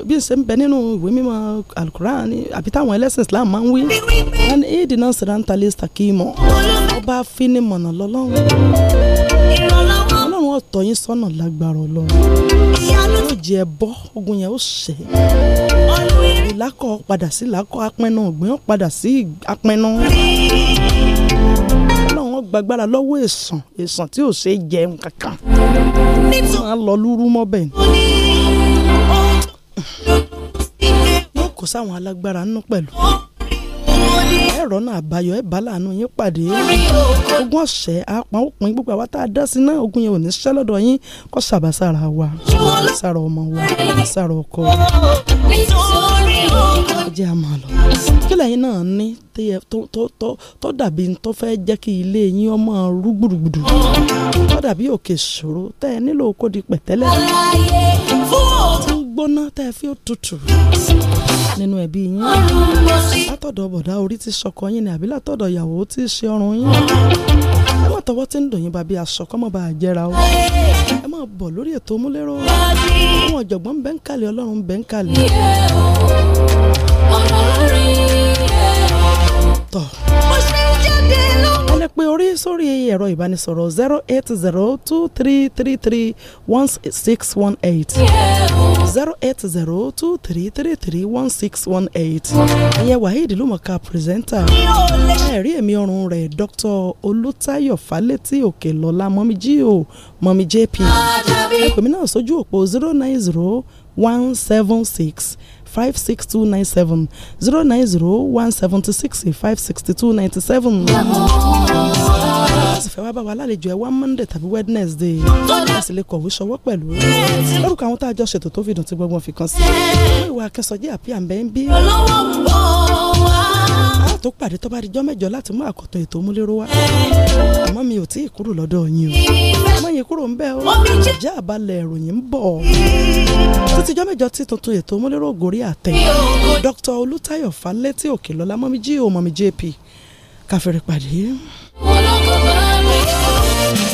bí n ṣe ń bẹ nínú ìwé mímọ́ alukuran àbí táwọn ẹlẹ́sìn Islam máa ń wí wọn éèdì náà ṣe ráńtà lè ṣàkíyìmọ̀ ọba fínimọ̀nà lọ́lọ́run yóò tọ́ yín sọ́nà lágbára ọlọ́run yóò jẹ́ bọ́ ogun yẹn ó ṣẹ́ ìlákọ̀ padà sí ìlákọ̀ apẹ́nà ọ̀gbìn ó padà sí apẹ́nà ọlọ́run ó gbàgbára lọ́wọ́ èsàn èsàn tí ò ṣe é jẹun kankan máa lọ lúrú mọ́ bẹ́ẹ̀ ni yóò kó sáwọn alágbára nínú pẹ̀lú ẹ̀rọ náà àbáyọ ẹ̀ bá láàánú yín pàdé ogún ọ̀sẹ̀ àpọ̀n òpin gbogbo àwa tá a dá sí náà ogún yẹn ò ní ṣẹ́ lọ́dọ̀ yín kó ṣàbàsára wa sára ọmọ wa sára ọkọ jẹ́ a máa lọ kí lẹ́yìn náà ní tó dàbí tó fẹ́ jẹ́ kí ilé yín ọmọ rú gbùdùgbùdù tó dàbí òkè ṣòro tẹ́ ẹ nílò kó di pẹ̀tẹ́lẹ̀ gbóná tẹ́ ẹ fi ó tutù nínú ẹbí yín látọ̀dọ̀ bọ̀dá orí ti ṣọkọ yín ni àbí látọ̀dọ̀ ìyàwó ti ṣe ọrùn yín ẹ má tọwọ́ tí ń dùn yín bàbí aṣọ kọ́ mọ́ bá a jẹra o ẹ má bọ̀ lórí ètò múlẹ́rọ̀ àwọn ọ̀jọ̀gbọ́n ń bẹ ń kalẹ̀ ọlọ́run ń bẹ ń kalẹ̀. tọ́ ẹ pé orí sórí ẹ̀rọ ìbánisọ̀rọ̀ zero eight zero two three three three one six one eight zero eight zero two three three three one six one eight ìyẹn Waheed Lumaka pírẹsẹ́ńtà ẹ̀rí ẹ̀mí ọ̀run rẹ̀ Dr. Olùtayọ̀ Fálétí Òkèlọ́lá mọ́mí jí o mọ́mí jp ẹ mi mí náà sójú òpó zero nine zero one seven six 56297 090 56297 bá fẹ́ wá bá wa lálejò ẹ wá Monday tàbí Wednesday wọ́n sì lè kọ̀wé ṣọwọ́ pẹ̀lú lórúkọ àwọn tá a jọ ṣètò tó fi dùn tí gbogbo wọn fi kàn sí i ìwà akẹ́sọ̀jẹ́ àbí àmbẹ́ ń bí. olówó ń bọ̀ wá. a tó pàdé tó bá di jọ́ mẹ́jọ láti mú àkọ́tọ̀ ètò múlẹ́rọ́ wá àmọ́ mi ò tí ì kúrò lọ́dọ̀ yín o àmọ́ yín kúrò ń bẹ́ o ìjà àbálẹ̀ ìròyìn ń bọ̀ títí jọ́ mẹ́jọ tí tuntun ètò múlẹ́rọ́ gòrí àtẹ Dr. Olútáyọ̀ Fálétí Òkèlọ́lá mọ́mí jí mọ́mí JP káfíńrì pàdé. olókùnrin.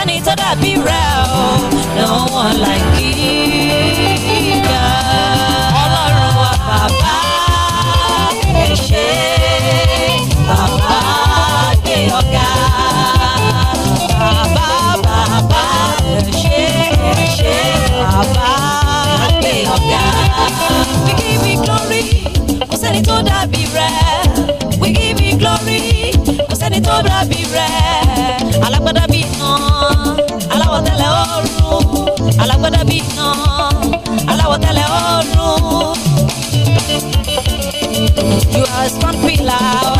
sẹ́ni tó dàbí rẹ̀ no one like you. es papilar.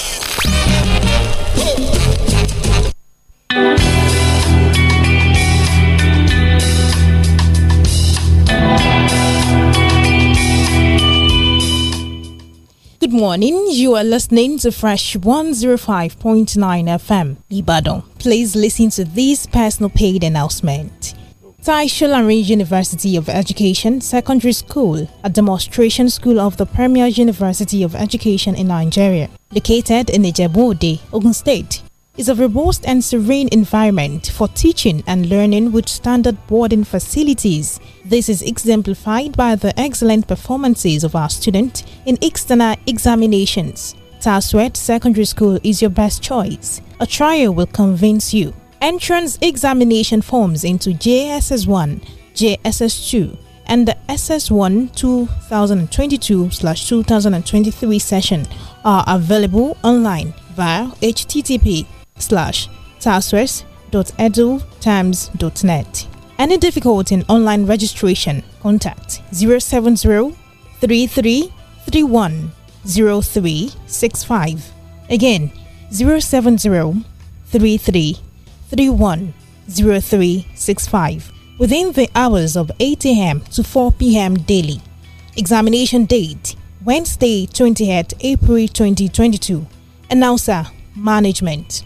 Good morning. You are listening to Fresh 105.9 FM, Ibadan. Please listen to this personal paid announcement. Tai Sholarin University of Education Secondary School, a demonstration school of the Premier University of Education in Nigeria, located in Ijebu-Ode, Ogun State, is a robust and serene environment for teaching and learning with standard boarding facilities. This is exemplified by the excellent performances of our students in external examinations. Taswet Secondary School is your best choice. A trial will convince you. Entrance examination forms into JSS1, JSS2, and the SS1 2022/2023 session are available online via http slash southwest.edu.times.net. Any difficulty in online registration, contact 070 3331 0365. Again, 070 3331 0365 within the hours of 8 a.m. to 4 p.m. daily. Examination date Wednesday, 28th April 2022. Announcer Management.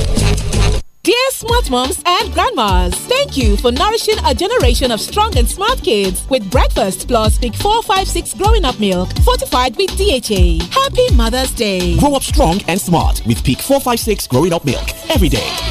Dear smart moms and grandmas, thank you for nourishing a generation of strong and smart kids with breakfast plus Peak 456 growing up milk fortified with DHA. Happy Mother's Day. Grow up strong and smart with Peak 456 growing up milk every day.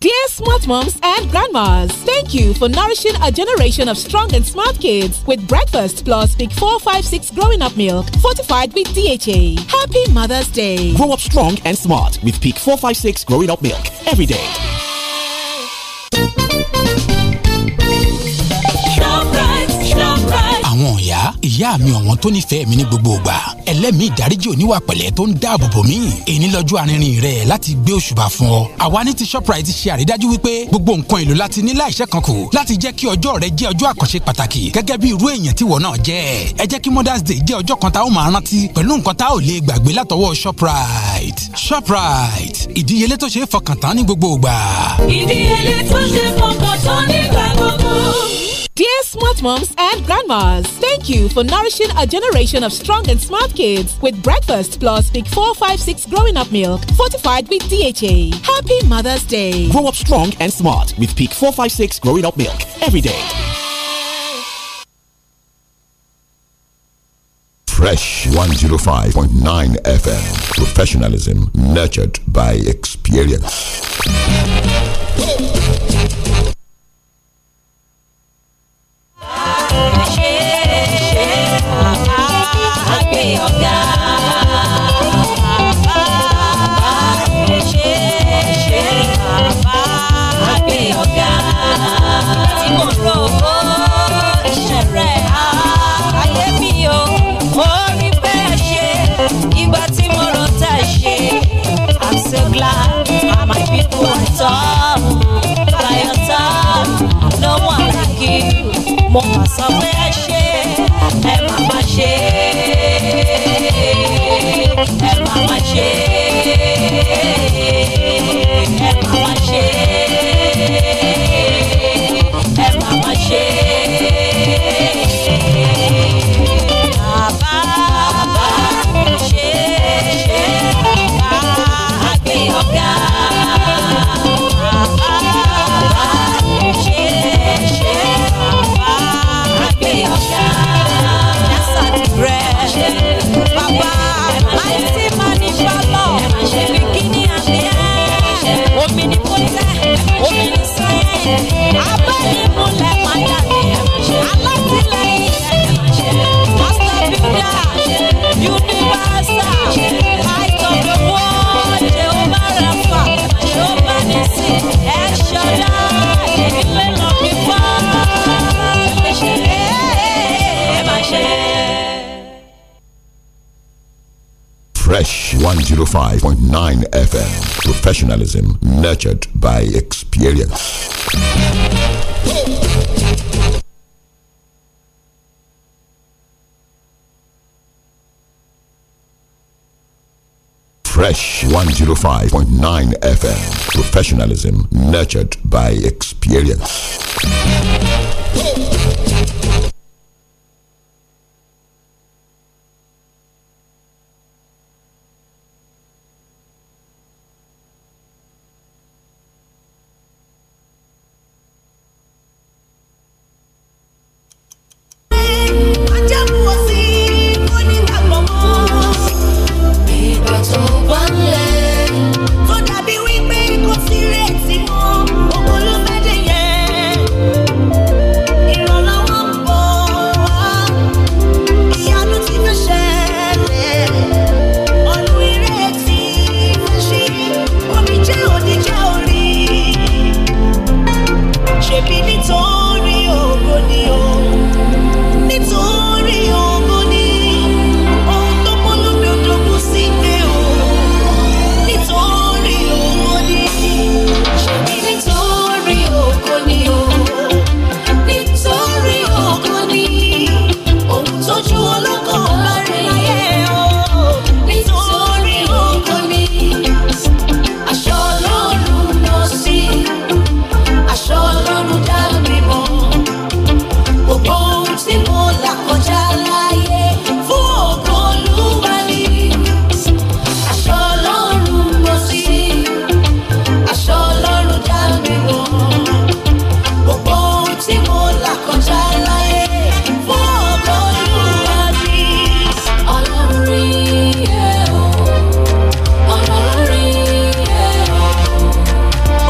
Dear smart moms and grandmas, thank you for nourishing a generation of strong and smart kids with breakfast plus Peak 456 growing up milk fortified with DHA. Happy Mother's Day. Grow up strong and smart with Peak 456 growing up milk every day. ìyá mi ọ̀wọ́n tó nífẹ̀ẹ́ mi ní gbogbo ìgbà ẹlẹ́mìí ìdáríjì oníwà pẹ̀lẹ́ tó ń dáàbò bò mí èyí lọ́jọ́ arinrin rẹ̀ láti gbé òṣùbà fún ọ àwa ní ti shoprite ṣe àrídájú wípé gbogbo nǹkan èlò láti ní láìṣẹ́ kan kù láti jẹ́ kí ọjọ́ rẹ jẹ́ ọjọ́ àkànṣe pàtàkì gẹ́gẹ́ bí irú èèyàn tí wọ́n náà jẹ́ ẹ jẹ́ kí mother's day jẹ́ ọjọ́ kan tá ó máa rántí pẹ̀lú nǹkan tá ò shoprite shoprite ìdíyelé tó ṣe é fọkàn tán ní gbogbo ìgbà. ìdíyelé tó ṣe fọkàn tán Dear smart moms and grandmas, thank you for nourishing a generation of strong and smart kids with breakfast plus Big 456 growing up milk fortified with DHA. Happy Mother's Day. Grow up strong and smart with Peak 456 growing up milk every day. Fresh 105.9 FM. Professionalism nurtured by experience. professionalism nurtured by experience. Fresh 105.9 FM. Professionalism nurtured by experience.